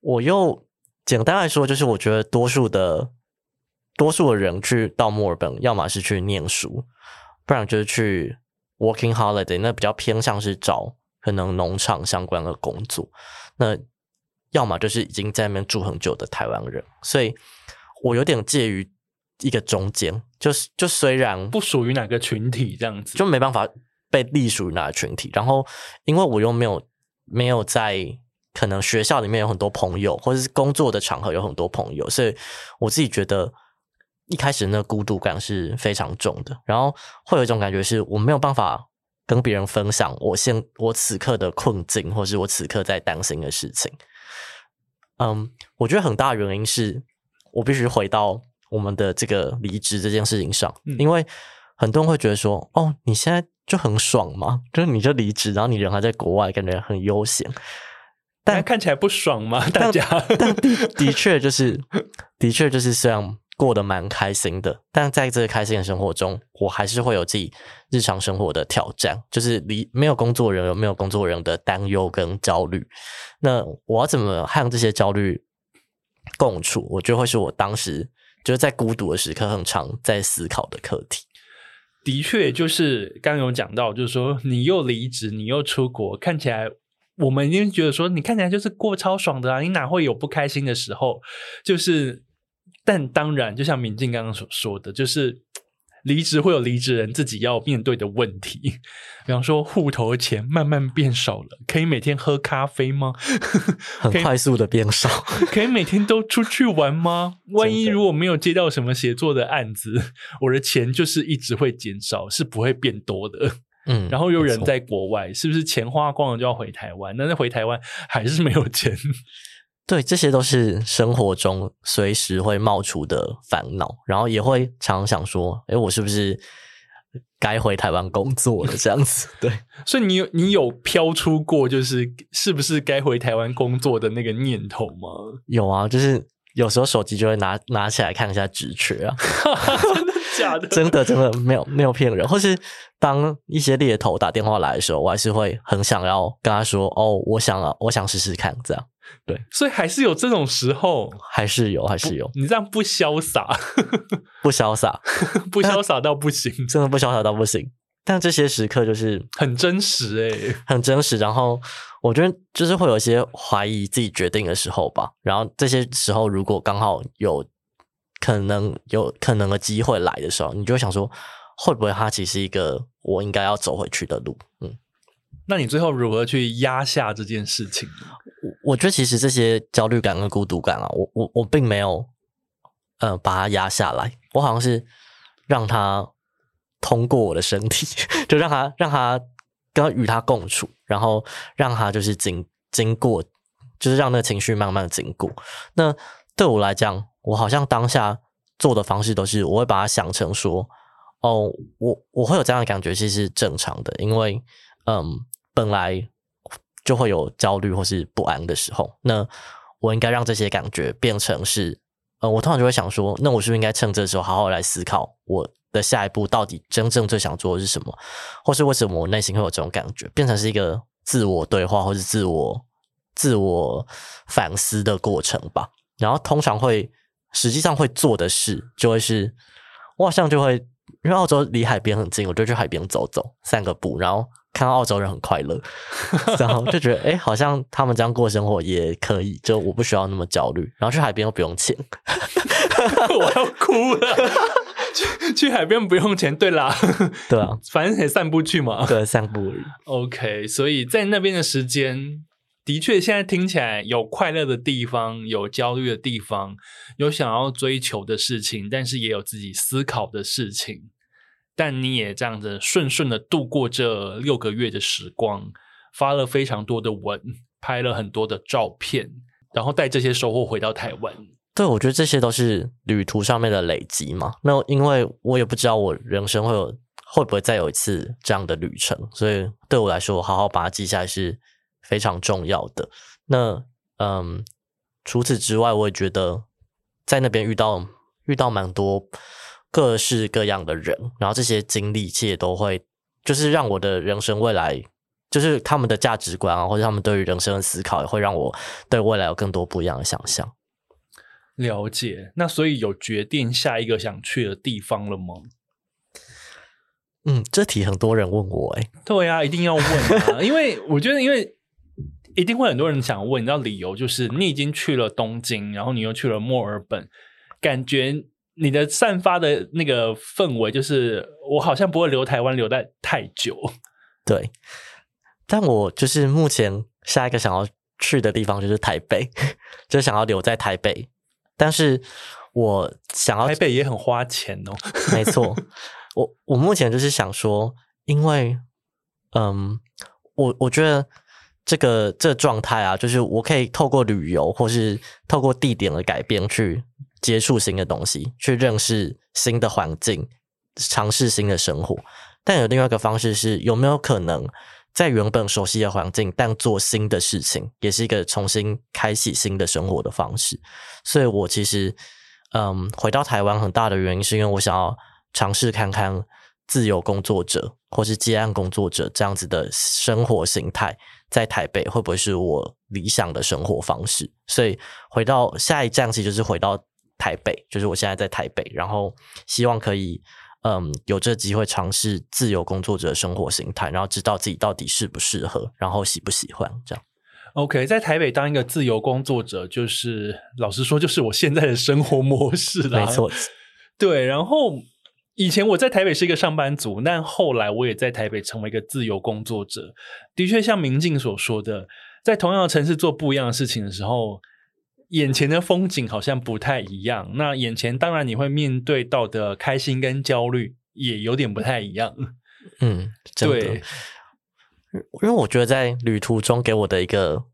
我又簡單來說，就是我覺得多數的。多數的人去到墨爾本，要麼是去念書，不然就是去 working holiday。那比較偏向是找可能農場相關的工作。那要麼就是已經在那邊住很久的台灣人。所以，我有點介於一個中間，就是就雖然不屬於哪個群體這樣子，就沒辦法被隸屬於哪個群體。然後，因為我又沒有沒有在可能學校裡面有很多朋友，或者是工作的場合有很多朋友，所以我自己覺得。一開始那個孤獨感是非常重的，然後會有一種感覺是我沒有辦法跟別人分享我現我此刻的困境，或是我此刻在擔心的事情。嗯、um,，我覺得很大的原因是，我必須回到我們的這個離職這件事情上，嗯、因為很多人會覺得說：“哦，你現在就很爽嘛，就是你就離職，然後你人還在國外，感覺很悠閒。”但看起來不爽嗎？但大家，但但的的確就是，的確就是像。過得蠻開心的，但在這個開心的生活中，我還是會有自己日常生活的挑戰，就是離沒有工作人，有沒有工作的人的擔憂跟焦慮。那我要怎麼和這些焦慮共處？我覺得會是我當時就是在孤獨的時刻，很常在思考的課題。的確，就是剛有講到，就是說你又離職，你又出國，看起來我們一定覺得說你看起來就是過超爽的啊！你哪會有不開心的時候？就是。但當然，就像銘進剛剛所說的就是，離職會有離職人自己要面對的問題，比方說戶頭的錢慢慢變少了，可以每天喝咖啡嗎？很快速的變少， [laughs] 可以每天都出去玩嗎？萬一如果沒有接到什麼協作的案子，真的我的錢就是一直會減少，是不會變多的。嗯，然後又有人在國外，錯是不是錢花光了就要回台灣？那那回台灣還是沒有錢。對，這些都是生活中隨時會冒出的煩惱，然後也會常常想說：“哎，我是不是該回台灣工作了？”這樣子，對。所以你有你有飄出過，就是是不是該回台灣工作的那個念頭嗎？有啊，就是有時候手機就會拿拿起來看一下直覺啊。 [laughs] 真的假 [laughs] 的？真的真的沒有沒有騙人。或是當一些獵頭打電話來的時候，我還是會很想要跟他說：“哦，我想啊，我想試試看。”這樣。對，所以還是有這種時候，還是有，還是有。你這樣不瀟灑， [laughs] 不瀟灑， [laughs] 不瀟灑到不行，真的不瀟灑到不行。但這些時刻就是很真實哎、欸，很真實。然後我覺得就是會有一些懷疑自己決定的時候吧。然後這些時候，如果剛好有可能有可能的機會來的時候，你就會想說，會不會它其實是一個我應該要走回去的路？嗯。那你最後如何去壓下這件事情？我我覺得其實這些焦慮感跟孤獨感啊，我我我並沒有，呃，把它壓下來。我好像是讓它通過我的身體，就讓它讓它跟它與它共處，然後讓它就是經經過，就是讓那個情緒慢慢的經過。那對我來講，我好像當下做的方式都是，我會把它想成說，哦，我我會有這樣的感覺其實是正常的，因為嗯。本來就會有焦慮或是不安的時候，那我應該讓這些感覺變成是，呃，我通常就會想說，那我是不是應該趁這時候好好來思考我的下一步到底真正最想做的是什麼，或是為什麼我內心會有這種感覺，變成是一個自我對話或是自我自我反思的過程吧。然後通常會實際上會做的事，就會是我好像就會因為澳洲離海邊很近，我就去海邊走走，散個步，然後。看到澳洲人很快樂， [laughs] 然後就覺得哎、欸，好像他們這樣過生活也可以。就我不需要那麼焦慮，然後去海邊又不用錢， [laughs] [laughs] 我要哭了。去去海邊不用錢，對啦，對啊，反正也散步去嘛，對，散步。OK，所以在那邊的時間，的確現在聽起來有快樂的地方，有焦慮的地方，有想要追求的事情，但是也有自己思考的事情。但你也這樣子順順的度過這六個月的時光，發了非常多的文，拍了很多的照片，然後帶這些收穫回到台灣。對，我覺得這些都是旅途上面的累積嘛。那因為我也不知道我人生會有會不會再有一次這樣的旅程，所以對我來說，好好把它記下來是非常重要的。那嗯，除此之外，我也覺得在那邊遇到遇到蠻多。各式各樣的人，然後這些經歷其實也都會，就是讓我的人生未來，就是他們的價值觀啊，或者他們對於人生的思考，也會讓我對未來有更多不一樣的想象。了解，那所以有決定下一個想去的地方了嗎？嗯，這題很多人問我、欸，哎，對啊，一定要問啊， [laughs] 因為我覺得，因為一定會很多人想問，你知道理由就是你已經去了東京，然後你又去了墨爾本，感覺。你的散發的那個氛圍，就是我好像不會留台灣留在太久，對。但我就是目前下一個想要去的地方就是台北，就想要留在台北。但是我想要台北也很花錢哦， [laughs] 沒錯。我我目前就是想說，因為嗯，我我覺得這個這狀態啊，就是我可以透過旅遊或是透過地點的改變去。接觸新的東西，去認識新的環境，嘗試新的生活。但有另外一個方式是，有沒有可能在原本熟悉的環境，但做新的事情，也是一個重新開啟新的生活的方式。所以我其實，嗯，回到台灣很大的原因，是因為我想要嘗試看看自由工作者或是接案工作者這樣子的生活形態，在台北會不會是我理想的生活方式。所以回到下一站，其實就是回到。台北，就是我現在在台北，然後希望可以，嗯，有這機會嘗試自由工作者生活形態，然後知道自己到底適不適合，然後喜不喜歡這樣。OK，在台北當一個自由工作者，就是老實說，就是我現在的生活模式、啊、 [laughs] 沒錯子，對。然後以前我在台北是一個上班族，但後來我也在台北成為一個自由工作者，的確像銘進所說的，在同樣的城市做不一樣的事情的時候。眼前的風景好像不太一樣，那眼前當然你會面對到的開心跟焦慮也有點不太一樣。嗯，對，因為我覺得在旅途中給我的一個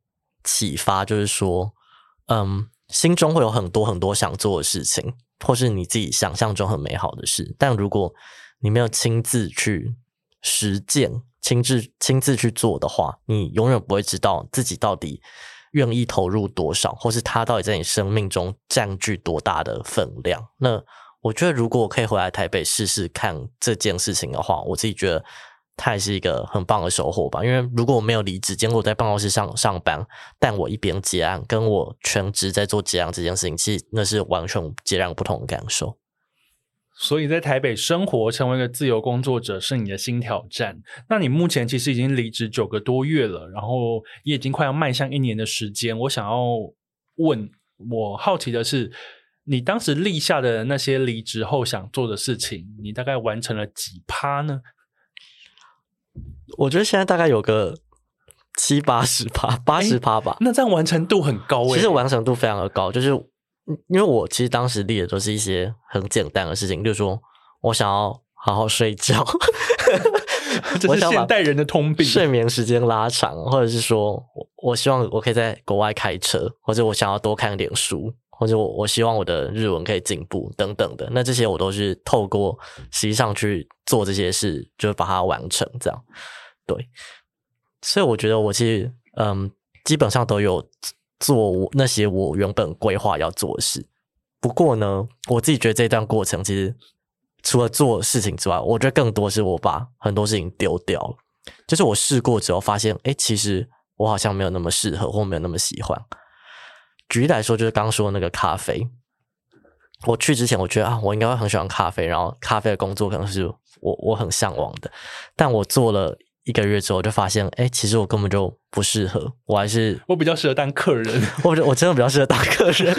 啟發就是說，嗯，心中會有很多很多想做的事情，或是你自己想象中很美好的事，但如果你沒有親自去實踐、親自親自去做的話，你永遠不會知道自己到底。願意投入多少，或是他到底在你生命中佔據多大的分量？那我覺得，如果我可以回來台北試試看這件事情的話，我自己覺得他也是一個很棒的收穫吧。因為如果我沒有離職，結果我在辦公室上上班，但我一邊接案，跟我全職在做接案這件事情，其實那是完全截然不同的感受。所以在台北生活，成為一個自由工作者是你的新挑戰。那你目前其實已經離職九個多月了，然後也已經快要邁向一年的時間。我想要問我好奇的是，你當時立下的那些離職後想做的事情，你大概完成了幾趴呢？我覺得現在大概有個七八十趴，八十趴吧。那這樣完成度很高欸。其實完成度非常的高，就是。因為我其實當時立的都是一些很簡單的事情，就是說我想要好好睡覺， [laughs] [laughs] 這是現代人的通病，我想把睡眠時間拉長，或者是說我我希望我可以在國外開車，或者我想要多看點書，或者我我希望我的日文可以進步等等的。那這些我都是透過實際上去做這些事，就是把它完成這樣。對，所以我覺得我其實嗯，基本上都有。做我那些我原本規劃要做的事，不過呢，我自己覺得這段過程其實除了做事情之外，我覺得更多是我把很多事情丟掉了。就是我試過之後發現，哎，其實我好像沒有那麼適合，或沒有那麼喜歡。舉例來說，就是剛剛說的那個咖啡，我去之前我覺得啊，我應該會很喜歡咖啡，然後咖啡的工作可能是我我很向往的，但我做了。一個月之後，就發現，哎、欸，其實我根本就不適合。我還是我比較適合當客人，我我真的比較適合當客人，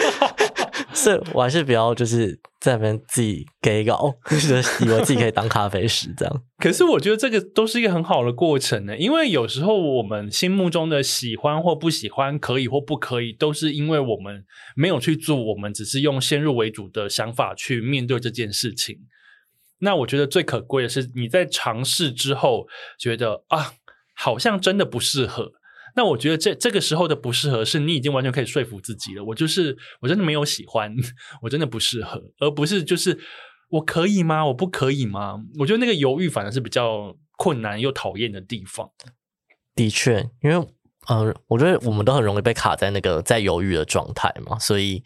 [laughs] 所以我還是比較就是在那邊自己給稿，就是、以為自己可以當咖啡師這樣。可是我覺得這個都是一個很好的過程呢，因為有時候我們心目中的喜歡或不喜歡，可以或不可以，都是因為我們沒有去做，我們只是用先入為主的想法去面對這件事情。那我覺得最可貴的是，你在嘗試之後覺得啊，好像真的不適合。那我覺得這這個時候的不適合，是你已經完全可以說服自己了。我就是我真的沒有喜歡，我真的不適合，而不是就是我可以嗎？我不可以嗎？我覺得那個猶豫反而是比較困難又討厭的地方。的確，因為嗯，呃，我覺得我們都很容易被卡在那個在猶豫的狀態嘛。所以，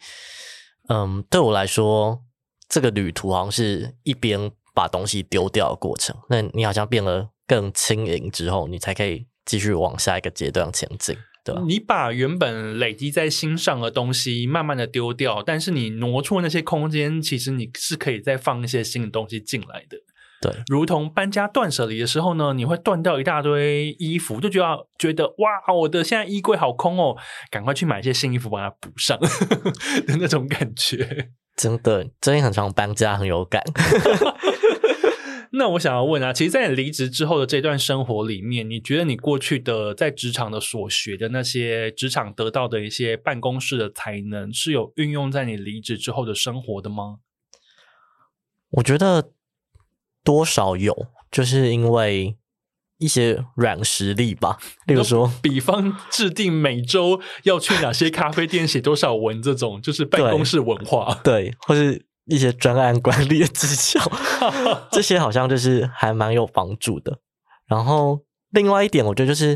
嗯，對我來說，這個旅途好像是一邊。把東西丟掉的過程，那你好像變得更輕盈之後，你才可以繼續往下一個階段前進，對吧、啊？你把原本累積在心上的東西慢慢的丟掉，但是你挪出那些空間，其實你是可以再放一些新的東西進來的。對，如同搬家斷捨離的時候呢，你會斷掉一大堆衣服，就覺得覺得哇，我的現在衣櫃好空哦，趕快去買一些新衣服把它補上， [laughs] 的那種感覺。真的，真的很常搬家，很有感。 [laughs] 那我想要問啊，其實，在你離職之後的這段生活裡面，你覺得你過去的在職場的所學的那些職場得到的一些辦公室的才能，是有運用在你離職之後的生活的嗎？我覺得多少有，就是因為一些軟實力吧，比如說，比方制定每週要去哪些咖啡店寫多少文，這種 [laughs] 就是辦公室文化，對，對，或是。一些專案管理的技巧，這些好像就是還蠻有幫助的。然後另外一點，我覺得就是，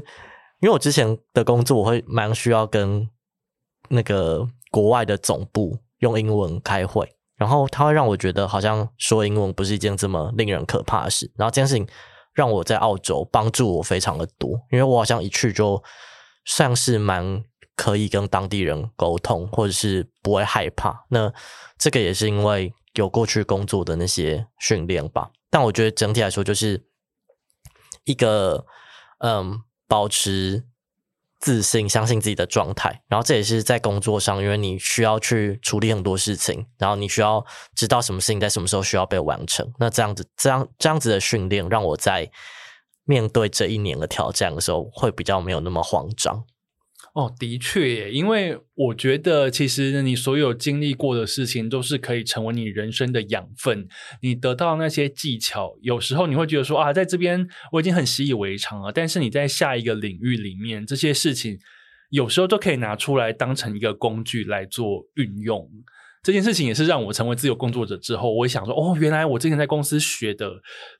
因為我之前的工作，我會蠻需要跟那個國外的總部用英文開會，然後他會讓我覺得好像說英文不是一件這麼令人可怕的事。然後這件事情讓我在澳洲幫助我非常的多，因為我好像一去就算是蠻。可以跟當地人溝通，或者是不會害怕。那這個也是因為有過去工作的那些訓練吧。但我覺得整體來說，就是一個嗯，保持自信、相信自己的狀態。然後這也是在工作上，因為你需要去處理很多事情，然後你需要知道什麼事情在什麼時候需要被完成。那這樣子，這樣這樣子的訓練，讓我在面對這一年的挑戰的時候，會比較沒有那麼慌張。哦，的確耶，因為我覺得，其實你所有經歷過的事情，都是可以成為你人生的養分。你得到那些技巧，有時候你會覺得說啊，在這邊我已經很習以為常了，但是你在下一個領域裡面，這些事情有時候都可以拿出來當成一個工具來做運用。這件事情也是讓我成為自由工作者之後，我也想說，哦，原來我之前在公司學的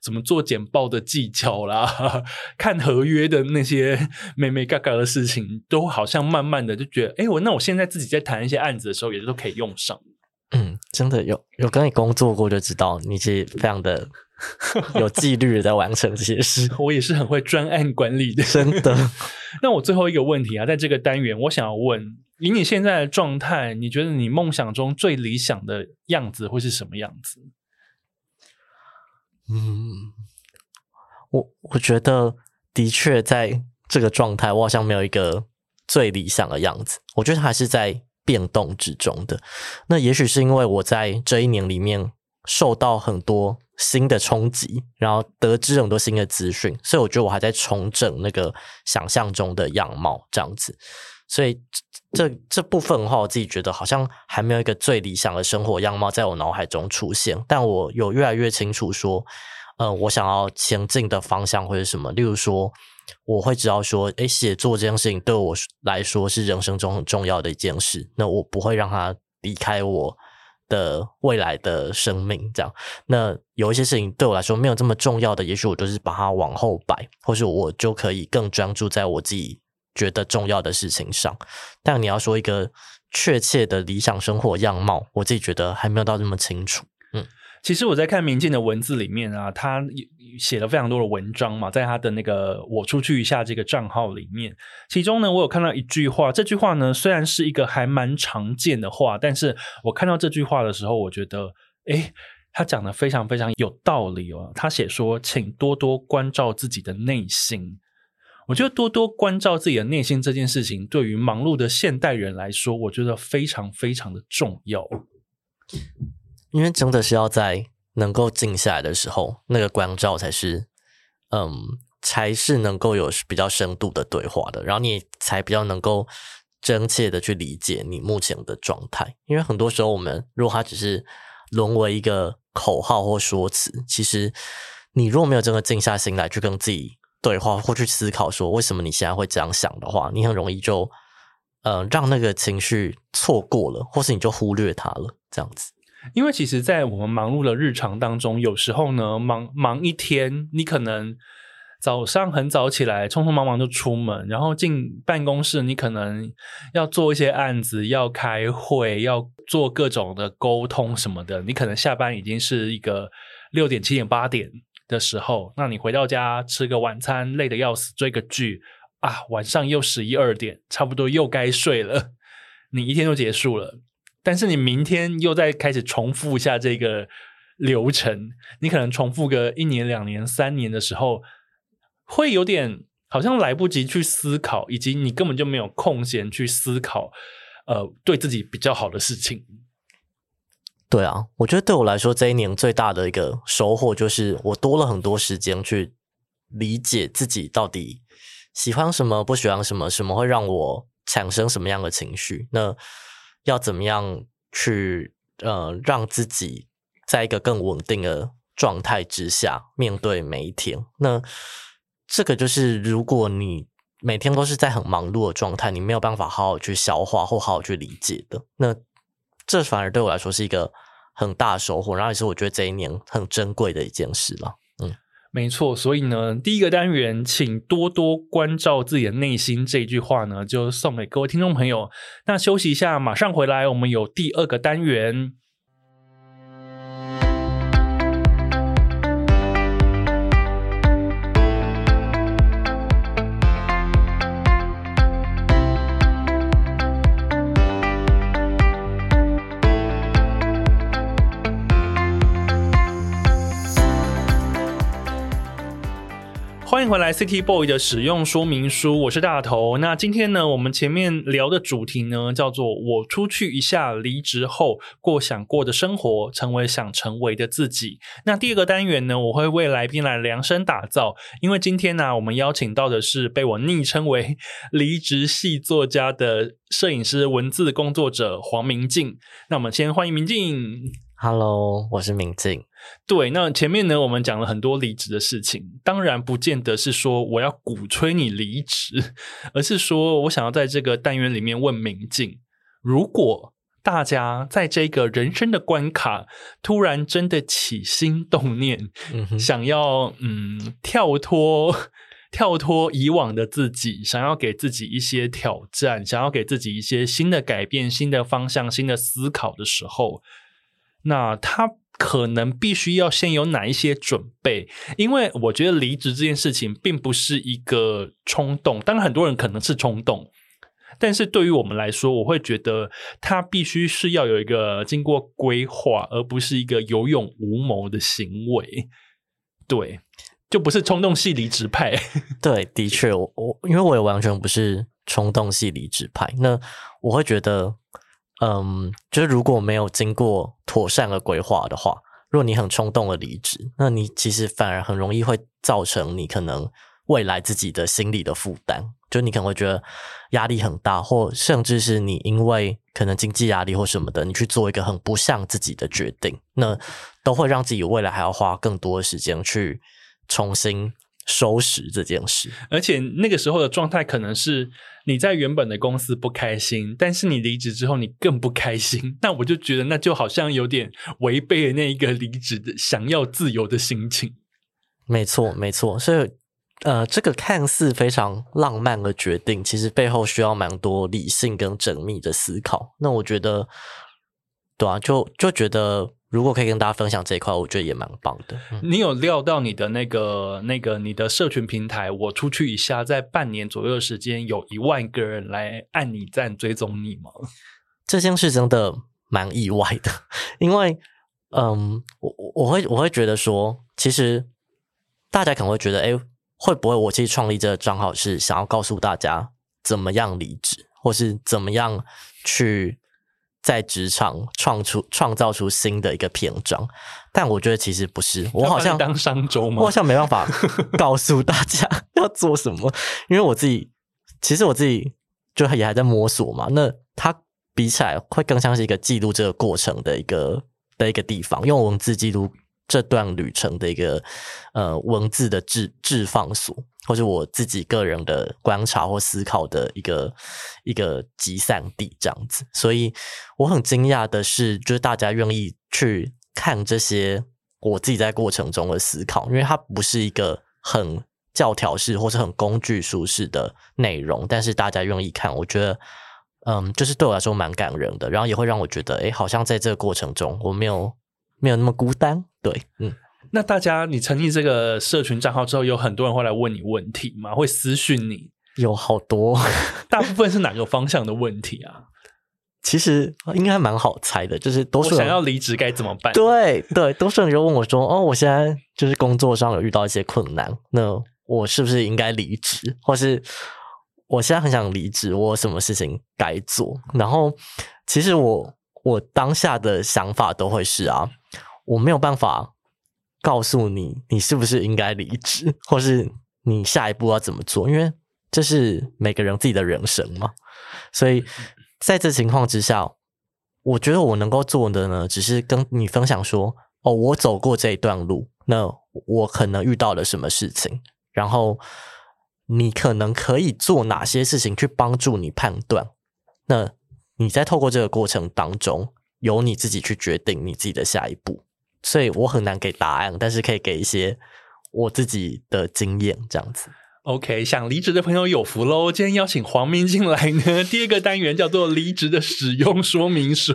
怎麼做簡報的技巧啦，看合約的那些眉眉角角的事情，都好像慢慢的就覺得，哎，我那我現在自己在談一些案子的時候，也都可以用上。嗯，真的有有跟你工作過就知道，你是非常的。 [laughs] 有紀律的在完成這些事， [laughs] 我也是很會專案管理的。真的，那我最後一個問題啊，在這個單元，我想要問：以你現在的狀態，你覺得你夢想中最理想的樣子會是什麼樣子？嗯，我我覺得的確在這個狀態，我好像沒有一個最理想的樣子。我覺得還是在變動之中的。那也許是因為我在這一年裡面受到很多。新的衝擊，然後得知很多新的資訊，所以我覺得我還在重整那個想象中的樣貌這樣子。所以這這部分的話，我自己覺得好像還沒有一個最理想的生活樣貌在我腦海中出現。但我有越來越清楚說，嗯，我想要前進的方向會是什麼。例如說，我會知道說，哎、欸，寫作這件事情對我來說是人生中很重要的一件事，那我不會讓它離開我的未來的生命這樣，那有一些事情對我來說沒有這麼重要的，也許我就是把它往後擺，或是我就可以更專注在我自己覺得重要的事情上。但你要說一個確切的理想生活樣貌，我自己覺得還沒有到這麼清楚。其實我在看銘進的文字裡面啊，他寫了非常多的文章嘛，在他的那個“我出去一下”這個賬號裡面，其中呢，我有看到一句話。這句話呢，雖然是一個還蠻常見的話，但是我看到這句話的時候，我覺得，誒，他講得非常非常有道理哦。他寫說：“請多多關照自己的內心。”我覺得多多關照自己的內心這件事情，對於忙碌的現代人來說，我覺得非常非常的重要。 [laughs] 因為真的是要在能夠靜下來的時候，那個關照才是，嗯，才是能夠有比較深度的對話的。然後你才比較能夠真切的去理解你目前的狀態。因為很多時候，我們如果它只是淪為一個口號或說辭，其實你如果沒有真的靜下心來去跟自己對話，或去思考說為什麼你現在會這樣想的話，你很容易就，嗯，讓那個情緒錯過了，或是你就忽略它了，這樣子。因為其實，在我們忙碌的日常當中，有時候呢，忙忙一天，你可能早上很早起來，匆匆忙忙就出門，然後進辦公室，你可能要做一些案子，要開會，要做各種的溝通什麼的，你可能下班已經是一個六點、七點、八點的時候，那你回到家吃個晚餐，累得要死，追個劇啊，晚上又十一二點，差不多又該睡了，你一天就結束了。但是你明天又再開始重複一下這個流程，你可能重複個一年、兩年、三年的時候，會有點好像來不及去思考，以及你根本就沒有空閒去思考，呃，對自己比較好的事情。對啊，我覺得對我來說這一年最大的一個收穫就是我多了很多時間去理解自己到底喜歡什麼、不喜歡什麼，什麼會讓我產生什麼樣的情緒。那。要怎麼樣去呃讓自己在一個更穩定的狀態之下面對每一天？那這個就是如果你每天都是在很忙碌的狀態，你沒有辦法好好去消化或好好去理解的。那這反而對我來說是一個很大的收穫，然後也是我覺得這一年很珍貴的一件事了。沒錯，所以呢，第一個單元，請多多關照自己的內心。這一句話呢，就送給各位聽眾朋友。那休息一下，馬上回來，我們有第二個單元。歡迎回來，City Boy 的使用說明書，我是大頭。那今天呢，我們前面聊的主題呢，叫做“我出去一下離職後，離職後過想過的生活，成為想成為的自己”。那第二個單元呢，我會為來賓來量身打造，因為今天呢、啊，我們邀請到的是被我昵稱為“離職系作家”的攝影師、文字工作者黃銘進。那我們先歡迎銘進。Hello，我是銘進。對，那前面呢，我們講了很多離職的事情，當然不見得是說我要鼓吹你離職，而是說我想要在這個單元裡面問銘進：如果大家在這個人生的關卡突然真的起心動念，嗯、哼想要嗯跳脫跳脫以往的自己，想要給自己一些挑戰，想要給自己一些新的改變、新的方向、新的思考的時候，那他。可能必須要先有哪一些準備，因為我覺得離職這件事情並不是一個衝動。當然，很多人可能是衝動，但是對於我們來說，我會覺得他必須是要有一個經過規劃，而不是一個有勇無謀的行為。對，就不是衝動系離職派。 [laughs] 對，的確，我我因為我也完全不是衝動系離職派，那我會覺得。嗯，就是如果沒有經過妥善的規劃的話，如果你很衝動的離職，那你其實反而很容易會造成你可能未來自己的心理的負擔，就你可能會覺得壓力很大，或甚至是你因為可能經濟壓力或什麼的，你去做一個很不像自己的決定，那都會讓自己未來還要花更多的時間去重新收拾這件事，而且那個時候的狀態可能是。你在原本的公司不開心，但是你離職之後你更不開心，那我就覺得那就好像有點違背了那一個離職的想要自由的心情。沒錯，沒錯，所以呃，這個看似非常浪漫的決定，其實背後需要蠻多理性跟縝密的思考。那我覺得，對啊，就就覺得。如果可以跟大家分享這一塊，我覺得也蠻棒的。嗯、你有料到你的那個、那個、你的社群平台，我出去一下，在半年左右的時間，有一萬個人來按你讚追蹤你嗎？這件事真的蠻意外的，因為，嗯，我我會我會覺得說，其實大家可能會覺得，哎，會不會我其實創立這個賬號是想要告訴大家怎麼樣離職，或是怎麼樣去？在職場創出創造出新的一個篇章。但我覺得其實不是，我好像當商周嗎？我好像沒辦法告訴大家 [laughs] 要做什麼，因為我自己其實我自己就也還在摸索嘛。那它比起來會更像是一個記錄這個過程的一個的一個地方，用文字記錄。這段旅程的一個呃文字，的置、置放所，或者我自己個人的觀察或思考的一個一個集散地這樣子。所以我很驚訝的是，就是大家願意去看這些我自己在過程中的思考，因為它不是一個很教條式或者很工具書式的內容，但是大家願意看，我覺得嗯，就是對我來說蠻感人的，然後也會讓我覺得，哎，好像在這個過程中我沒有沒有那麼孤單。對，嗯，那大家，你成立這個社群賬號之後，有很多人會來問你問題嗎？會私訊你？有好多， [laughs] 大部分是哪個方向的問題啊？ [laughs] 其實應該蠻好猜的，就是多數人想要離職該怎麼辦？ [laughs] 對對，多數人就問我說：“哦，我現在就是工作上有遇到一些困難，那我是不是應該離職？或是我現在很想離職，我什麼事情該做？”然後，其實我我當下的想法都會是啊。我沒有辦法告訴你你是不是應該離職，或是你下一步要怎麼做，因為這是每個人自己的人生嘛。所以，在這情況之下，我覺得我能夠做的呢，只是跟你分享說，哦，我走過這一段路，那我可能遇到了什麼事情，然後你可能可以做哪些事情去幫助你判斷。那你在透過這個過程當中，由你自己去決定你自己的下一步。所以我很難給答案，但是可以給一些我自己的經驗這樣子。OK，想離職的朋友有福嘍！今天邀請黃銘進來呢，第一個單元叫做《離職的使用說明書》。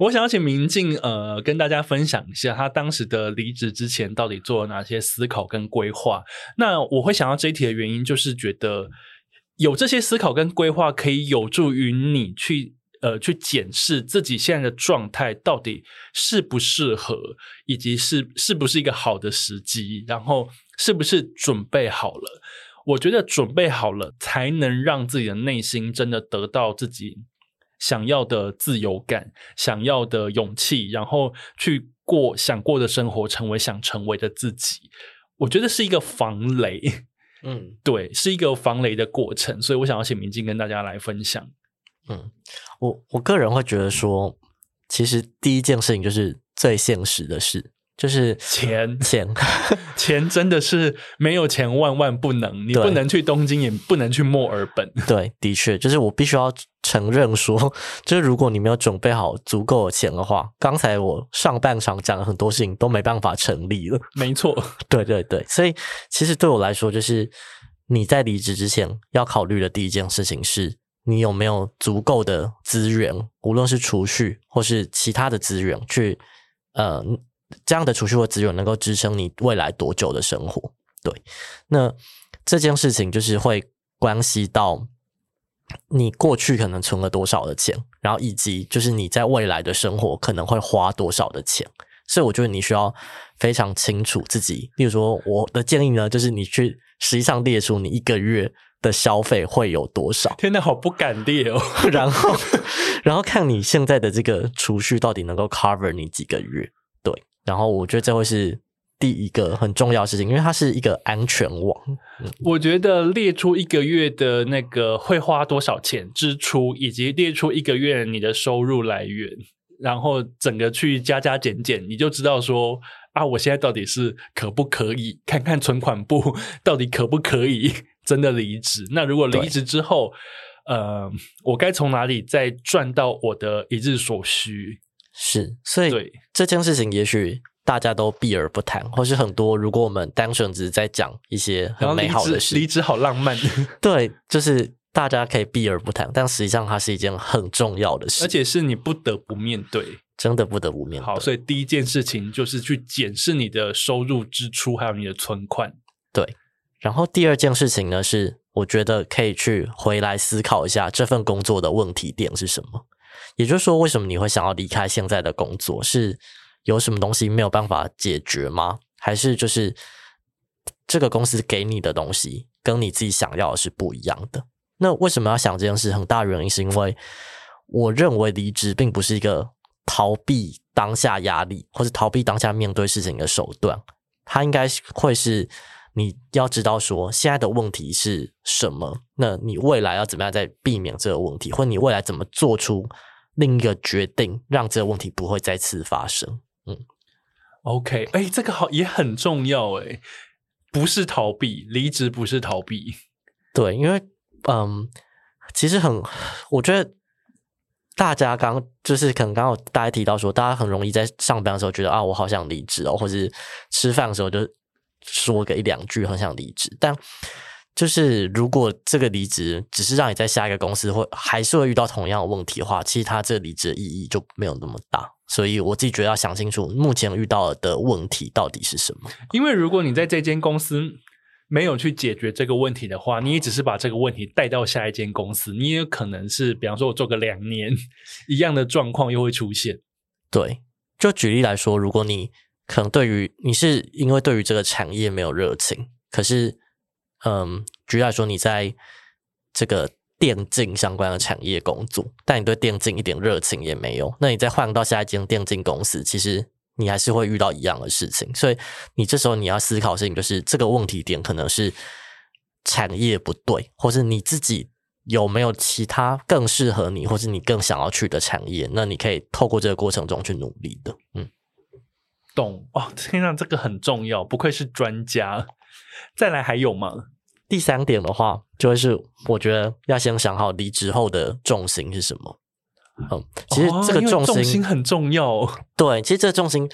我想要請銘進，呃，跟大家分享一下他當時的離職之前到底做了哪些思考跟規劃。那我會想到這一題的原因，就是覺得有這些思考跟規劃，可以有助於你去。呃，去檢視自己現在的狀態到底適不適合，以及是是不是一個好的時機，然後是不是準備好了？我覺得準備好了，才能讓自己的內心真的得到自己想要的自由感、想要的勇氣，然後去過想過的生活，成為想成為的自己。我覺得是一個防雷，嗯， [laughs] 對，是一個防雷的過程。所以我想要請銘進跟大家來分享。嗯，我我個人會覺得說，其實第一件事情就是最現實的事，就是錢錢錢真的是沒有錢萬萬不能，對你不能去東京，也不能去墨爾本。對，的確，就是我必須要承認說，就是如果你沒有準備好足夠的錢的話，剛才我上半場講了很多事情都沒辦法成立了。沒錯錯，對對對，所以其實對我來說，就是你在離職之前要考慮的第一件事情是。你有沒有足夠的資源，無論是儲蓄或是其他的資源，去呃，這樣的儲蓄或資源能夠支撐你未來多久的生活？對，那這件事情就是會關係到你過去可能存了多少的錢，然後以及就是你在未來的生活可能會花多少的錢，所以我覺得你需要非常清楚自己。例如說，我的建議呢，就是你去實際上列出你一個月。的消費會有多少？天哪，好不敢列哦。 [laughs] 然後，然後看你現在的這個儲蓄到底能夠 cover 你幾個月？對，然後我覺得這會是第一個很重要的事情，因為它是一個安全網。我覺得列出一個月的那個會花多少錢支出，以及列出一個月你的收入來源，然後整個去加加減減，你就知道說啊，我現在到底是可不可以，看看存款簿到底可不可以。真的離職？那如果離職之後，對呃，我該從哪裡再賺到我的一日所需？是，所以對這件事情也許大家都避而不談，或是很多。如果我們單純只是在講一些很美好的事，離職，離職好浪漫。 [laughs] 對，就是大家可以避而不談，但實際上它是一件很重要的事，而且是你不得不面對，真的不得不面對。好，所以第一件事情就是去檢視你的收入、支出，還有你的存款。對。然後第二件事情呢，是我覺得可以去回來思考一下這份工作的問題點是什麼。也就是說，為什麼你會想要離開現在的工作？是有什麼東西沒有辦法解決嗎？還是就是這個公司給你的東西跟你自己想要的是不一樣的？那為什麼要想這件事？很大原因是因為我認為離職並不是一個逃避當下壓力或者逃避當下面對事情的手段，它應該是會是。你要知道，說現在的問題是什麼？那你未來要怎麼樣再避免這個問題，或你未來怎麼做出另一個決定，讓這個問題不會再次發生？嗯，OK，哎、欸，這個好也很重要、欸，誒，不是逃避，離職不是逃避，對，因為嗯，其實很，我覺得大家剛就是可能剛剛有大家提到說，大家很容易在上班的時候覺得啊，我好想離職哦，或是吃飯的時候就。說個一兩句很想離職，但就是如果這個離職只是讓你在下一個公司會還是會遇到同樣的問題的話，其實他這離職的意義就沒有那麼大。所以我自己覺得要想清楚目前遇到的問題到底是什麼。因為如果你在這間公司沒有去解決這個問題的話，你也只是把這個問題帶到下一間公司，你也可能是比方說我做個兩年一樣的狀況又會出現。對，就舉例來說，如果你可能對於你是因為對於這個產業沒有熱情，可是，嗯，舉例來說，你在這個電競相關的產業工作，但你對電競一點熱情也沒有，那你再換到下一間電競公司，其實你還是會遇到一樣的事情。所以你這時候你要思考的事情就是這個問題點可能是產業不對，或是你自己有沒有其他更適合你，或是你更想要去的產業，那你可以透過這個過程中去努力的，嗯。懂哦，天哪、啊，這個很重要，不愧是專家。再來還有嗎？第三點的話，就會是我覺得要先想好離職後的重心是什麼。嗯，其實這個重心、哦啊、重心很重要、哦。對，其實這個重心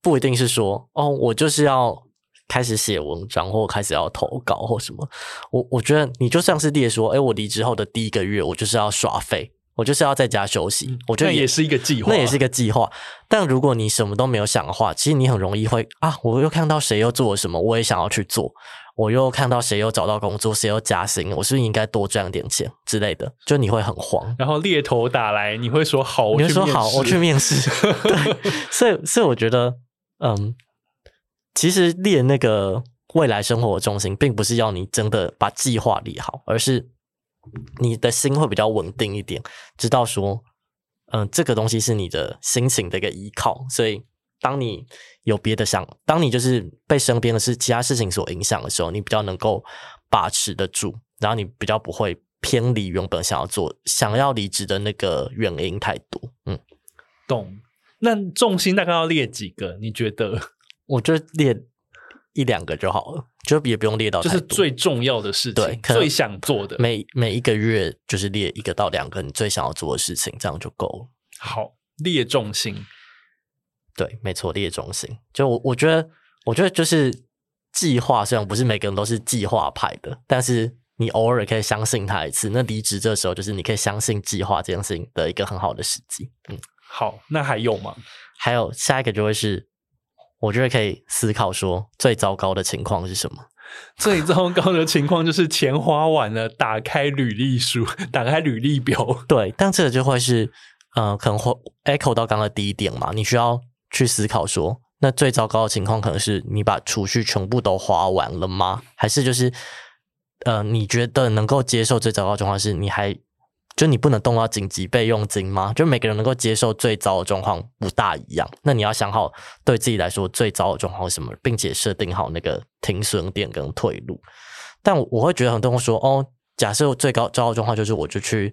不一定是說哦，我就是要開始寫文章或開始要投稿或什麼。我我覺得你就像是列說，哎、欸，我離職後的第一個月，我就是要耍廢。我就是要在家休息，嗯、我覺得也，也是一個計劃，啊，那也是一個計劃。但如果你什麼都沒有想的話，其實你很容易會啊！我又看到誰又做了什麼，我也想要去做。我又看到誰又找到工作，誰又加薪，我是不是應該多賺點錢之類的？就你會很慌。然後獵頭打來，你會說好，你會說好，我去面試。 [laughs] 對，所以所以我覺得，嗯，其實列那個未來生活的中心，並不是要你真的把計劃理好，而是。你的心會比較穩定一點，知道說，嗯、呃，這個東西是你的心情的一個依靠，所以當你有別的想，當你就是被身邊的事其他事情所影響的時候，你比較能夠把持得住，然後你比較不會偏離原本想要做、想要離職的那個原因太多。嗯，懂。那重心大概要列幾個？你覺得？我就列一兩個就好了。就也不用列，到，就是最重要的事情，對，最想做的。每每一個月就是列一個到兩個你最想要做的事情，這樣就夠了。好，列重心。對，沒錯，列重心。就我我覺得，我覺得就是計劃，雖然不是每個人都是計劃派的，但是你偶爾可以相信他一次。那離職這時候，就是你可以相信計劃這件事情的一個很好的時機。嗯，好，那還有嗎？還有下一個就會是。我覺得可以思考說，最糟糕的情況是什麼？最糟糕的情況就是錢花完了， [laughs] 打開履歷書，打開履歷表。對，但這個就會是，呃，可能會 echo 到剛剛的第一點嘛。你需要去思考說，那最糟糕的情況可能是你把儲蓄全部都花完了嗎？還是就是，呃，你覺得能夠接受最糟糕的情況是你還？就你不能動到緊急備用金嗎？就每個人能夠接受最糟的狀況不大一樣，那你要想好對自己來說最糟的狀況是什麼，並且設定好那個停損點跟退路。但我，我會覺得很多人會說哦，假設最高糟糕狀況就是我就去。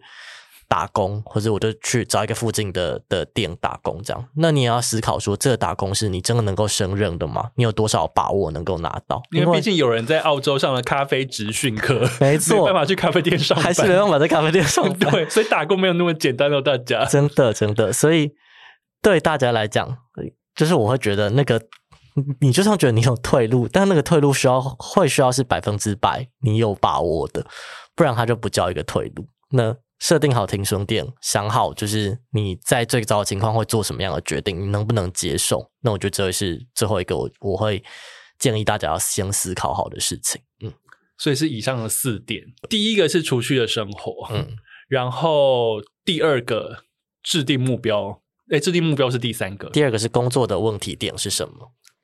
打工，或者我就去找一個附近的的店打工，這樣。那你也要思考說，這個打工是你真的能夠勝任的嗎？你有多少把握能夠拿到？因為畢竟有人在澳洲上了咖啡職訓課，沒錯，沒辦法去咖啡店上，還是沒辦法在咖啡店上。對，所以打工沒有那麼簡單哦。大家 [laughs] 真的真的。所以對大家來講，就是我會覺得那個，你就算覺得你有退路，但那個退路需要會需要是百分之百你有把握的，不然它就不叫一個退路。那。設定好停損點，想好就是你在最糟的情況會做什麼樣的決定，你能不能接受？那我覺得這是最後一個我，我我會建議大家要先思考好的事情。嗯，所以是以上的四點，第一個是儲蓄的生活，嗯，然後第二個制定目標，誒，制定目標是第三個，第二個是工作的問題點是什麼？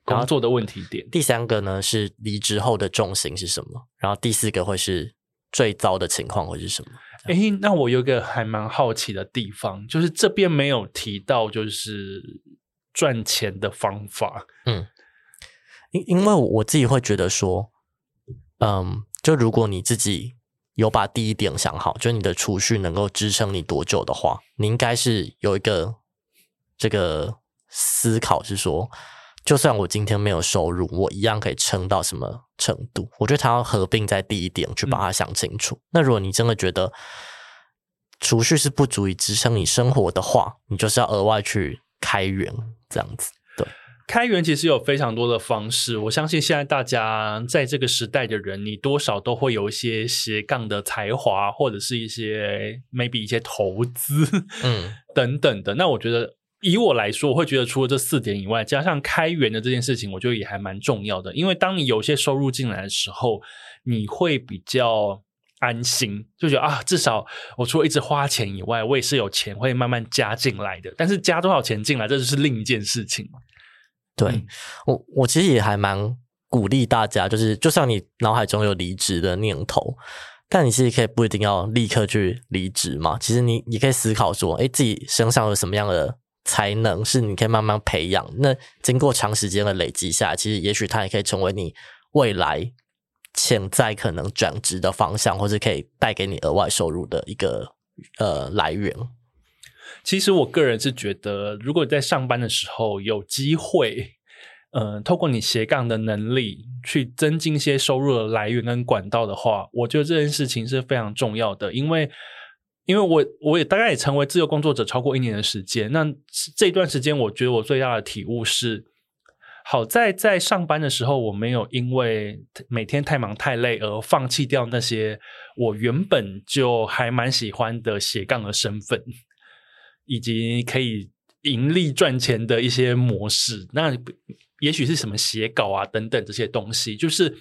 工作的問題點，第三個呢是離職後的重心是什麼？然後第四個會是最糟的情況會是什麼？哎、欸，那我有個還蠻好奇的地方，就是這邊沒有提到就是賺錢的方法，嗯，因因為我自己會覺得說，嗯，就如果你自己有把第一點想好，就你的儲蓄能夠支撐你多久的話，你應該是有一個這個思考是說。就算我今天沒有收入，我一樣可以撐到什麼程度？我覺得他要合併在第一點去把它想清楚。嗯，那如果你真的覺得儲蓄是不足以支撐你生活的話，你就是要額外去開源這樣子。對，開源其實有非常多的方式。我相信現在大家在這個時代的人，你多少都會有一些斜槓的才華，或者是一些 maybe 一些投資，嗯，等等的。那我覺得。以我來說，我會覺得除了這四點以外，加上開源的這件事情，我覺得也還蠻重要的。因為當你有些收入進來的時候，你會比較安心，就覺得啊，至少我除了一直花錢以外，我也是有錢會慢慢加進來的。但是加多少錢進來，這就是另一件事情嘛。對，嗯。我我其實也還蠻鼓勵大家，就是就像你腦海中有離職的念頭，但你其實可以不一定要立刻去離職嘛。其實你你可以思考說，誒、欸，自己身上有什麼樣的才能是你可以慢慢培養。那經過長時間的累積下，其實也許它也可以成為你未來潛在可能轉職的方向，或是可以帶給你額外收入的一個呃來源。其實我個人是覺得，如果你在上班的時候有機會，嗯、呃，透過你斜槓的能力去增進些收入的來源跟管道的話，我覺得這件事情是非常重要的，因為。因為我我也大概也成為自由工作者超過一年的時間，那這段時間我覺得我最大的體悟是，好在在上班的時候我沒有因為每天太忙太累而放棄掉那些我原本就還蠻喜歡的斜槓的身份，以及可以盈利賺錢的一些模式。那也許是什麼寫稿啊等等這些東西，就是。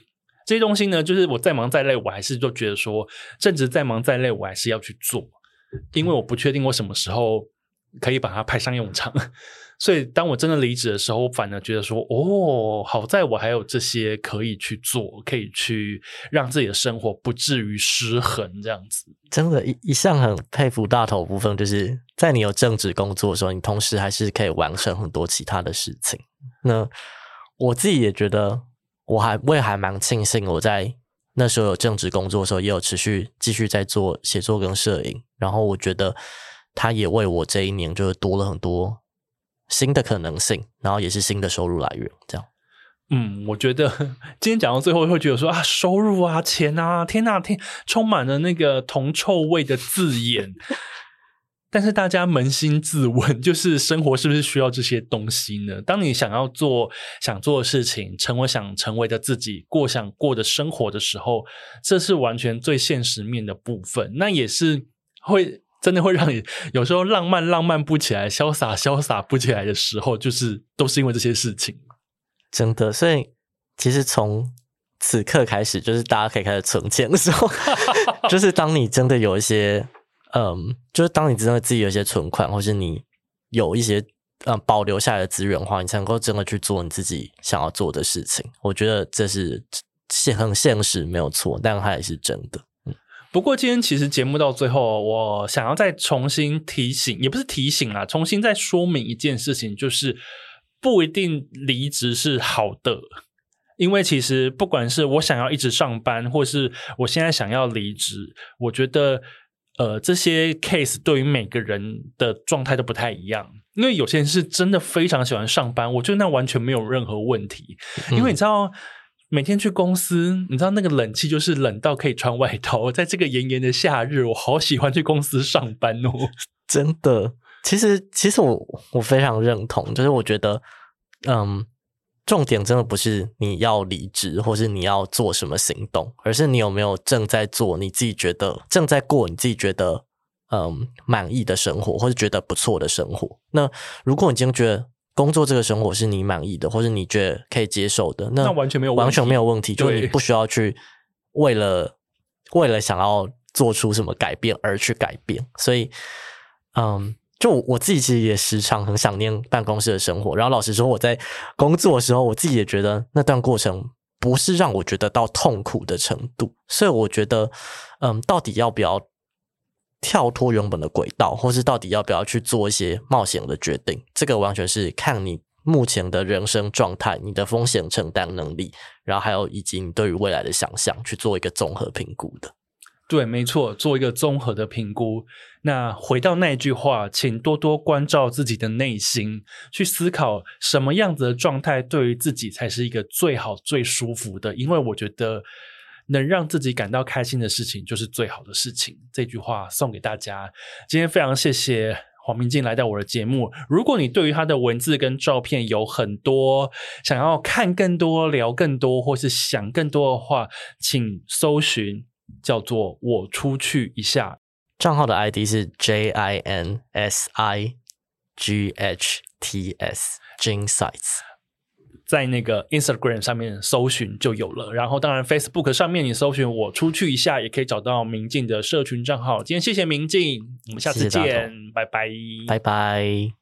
這些東西呢，就是我再忙再累，我還是就覺得說，正職再忙再累，我還是要去做，因為我不確定我什麼時候可以把它派上用場。所以，當我真的離職的時候，我反而覺得說，哦，好在我還有這些可以去做，可以去讓自己的生活不至於失衡，這樣子。真的，一一向很佩服大頭部分，就是在你有正職工作的時候，你同時還是可以完成很多其他的事情。那我自己也覺得。我還我也還蠻慶幸，我在那時候有正職工作的時候，也有持續繼續在做寫作跟攝影。然後我覺得他也為我這一年就是多了很多新的可能性，然後也是新的收入來源。這樣，嗯，我覺得今天講到最後會覺得說啊，收入啊，錢啊，天哪，啊，天，充滿了那個銅臭味的字眼。 [laughs] 但是大家捫心自問，就是生活是不是需要這些東西呢？當你想要做想做的事情，成為想成為的自己，過想過的生活的時候，這是完全最現實面的部分。那也是會真的會讓你有時候浪漫浪漫不起來，瀟灑瀟灑不起來的時候，就是都是因為這些事情。真的，所以其實從此刻開始，就是大家可以開始存錢的時候， [laughs] 就是當你真的有一些。嗯，um, 就是當你真的自己有些存款，或是你有一些、呃、保留下來的資源的話，你才能夠真的去做你自己想要做的事情。我覺得這是現很現實，沒有錯，但它也是真的。嗯。不過今天其實節目到最後，我想要再重新提醒，也不是提醒啦，重新再說明一件事情，就是不一定離職是好的，因為其實不管是我想要一直上班，或是我現在想要離職，我覺得。呃，這些 case 對於每個人的狀態都不太一樣，因為有些人是真的非常喜歡上班，我覺得那完全沒有任何問題。嗯，因為你知道，每天去公司，你知道那個冷氣就是冷到可以穿外套，我，在這個炎炎的夏日，我好喜歡去公司上班哦，真的。其實，其實我我非常認同，就是我覺得，嗯。重點真的不是你要離職，或是你要做什麼行動，而是你有沒有正在做你自己覺得正在過你自己覺得嗯滿意的生活，或是覺得不錯的生活。那如果你今天覺得工作這個生活是你滿意的，或者你覺得可以接受的，那完全沒有完全沒有問題，就是你不需要去為了為了想要做出什麼改變而去改變。所以，嗯。就我自己其實也時常很想念辦公室的生活，然後老實說，我在工作的時候，我自己也覺得那段過程不是讓我覺得到痛苦的程度，所以我覺得，嗯，到底要不要跳脫原本的軌道，或是到底要不要去做一些冒險的決定，這個完全是看你目前的人生狀態、你的風險承擔能力，然後還有以及你對於未來的想象，去做一個綜合評估的。對，沒錯，做一個綜合的評估。那回到那句話，請多多關照自己的內心，去思考什麼樣子的狀態對於自己才是一個最好、最舒服的。因為我覺得能讓自己感到開心的事情，就是最好的事情。這句話送給大家。今天非常謝謝黃銘進來到我的節目。如果你對於他的文字跟照片有很多，想要看更多、聊更多、或是想更多的話，請搜尋。叫做我出去一下，賬號的 ID 是 j i n s i g h t s j i n s i g h t s 在那個 Instagram 上面搜尋就有了。然後當然 Facebook 上面你搜尋我出去一下也可以找到銘進的社群賬號。今天謝謝銘進，我們下次見，謝謝拜拜，拜拜。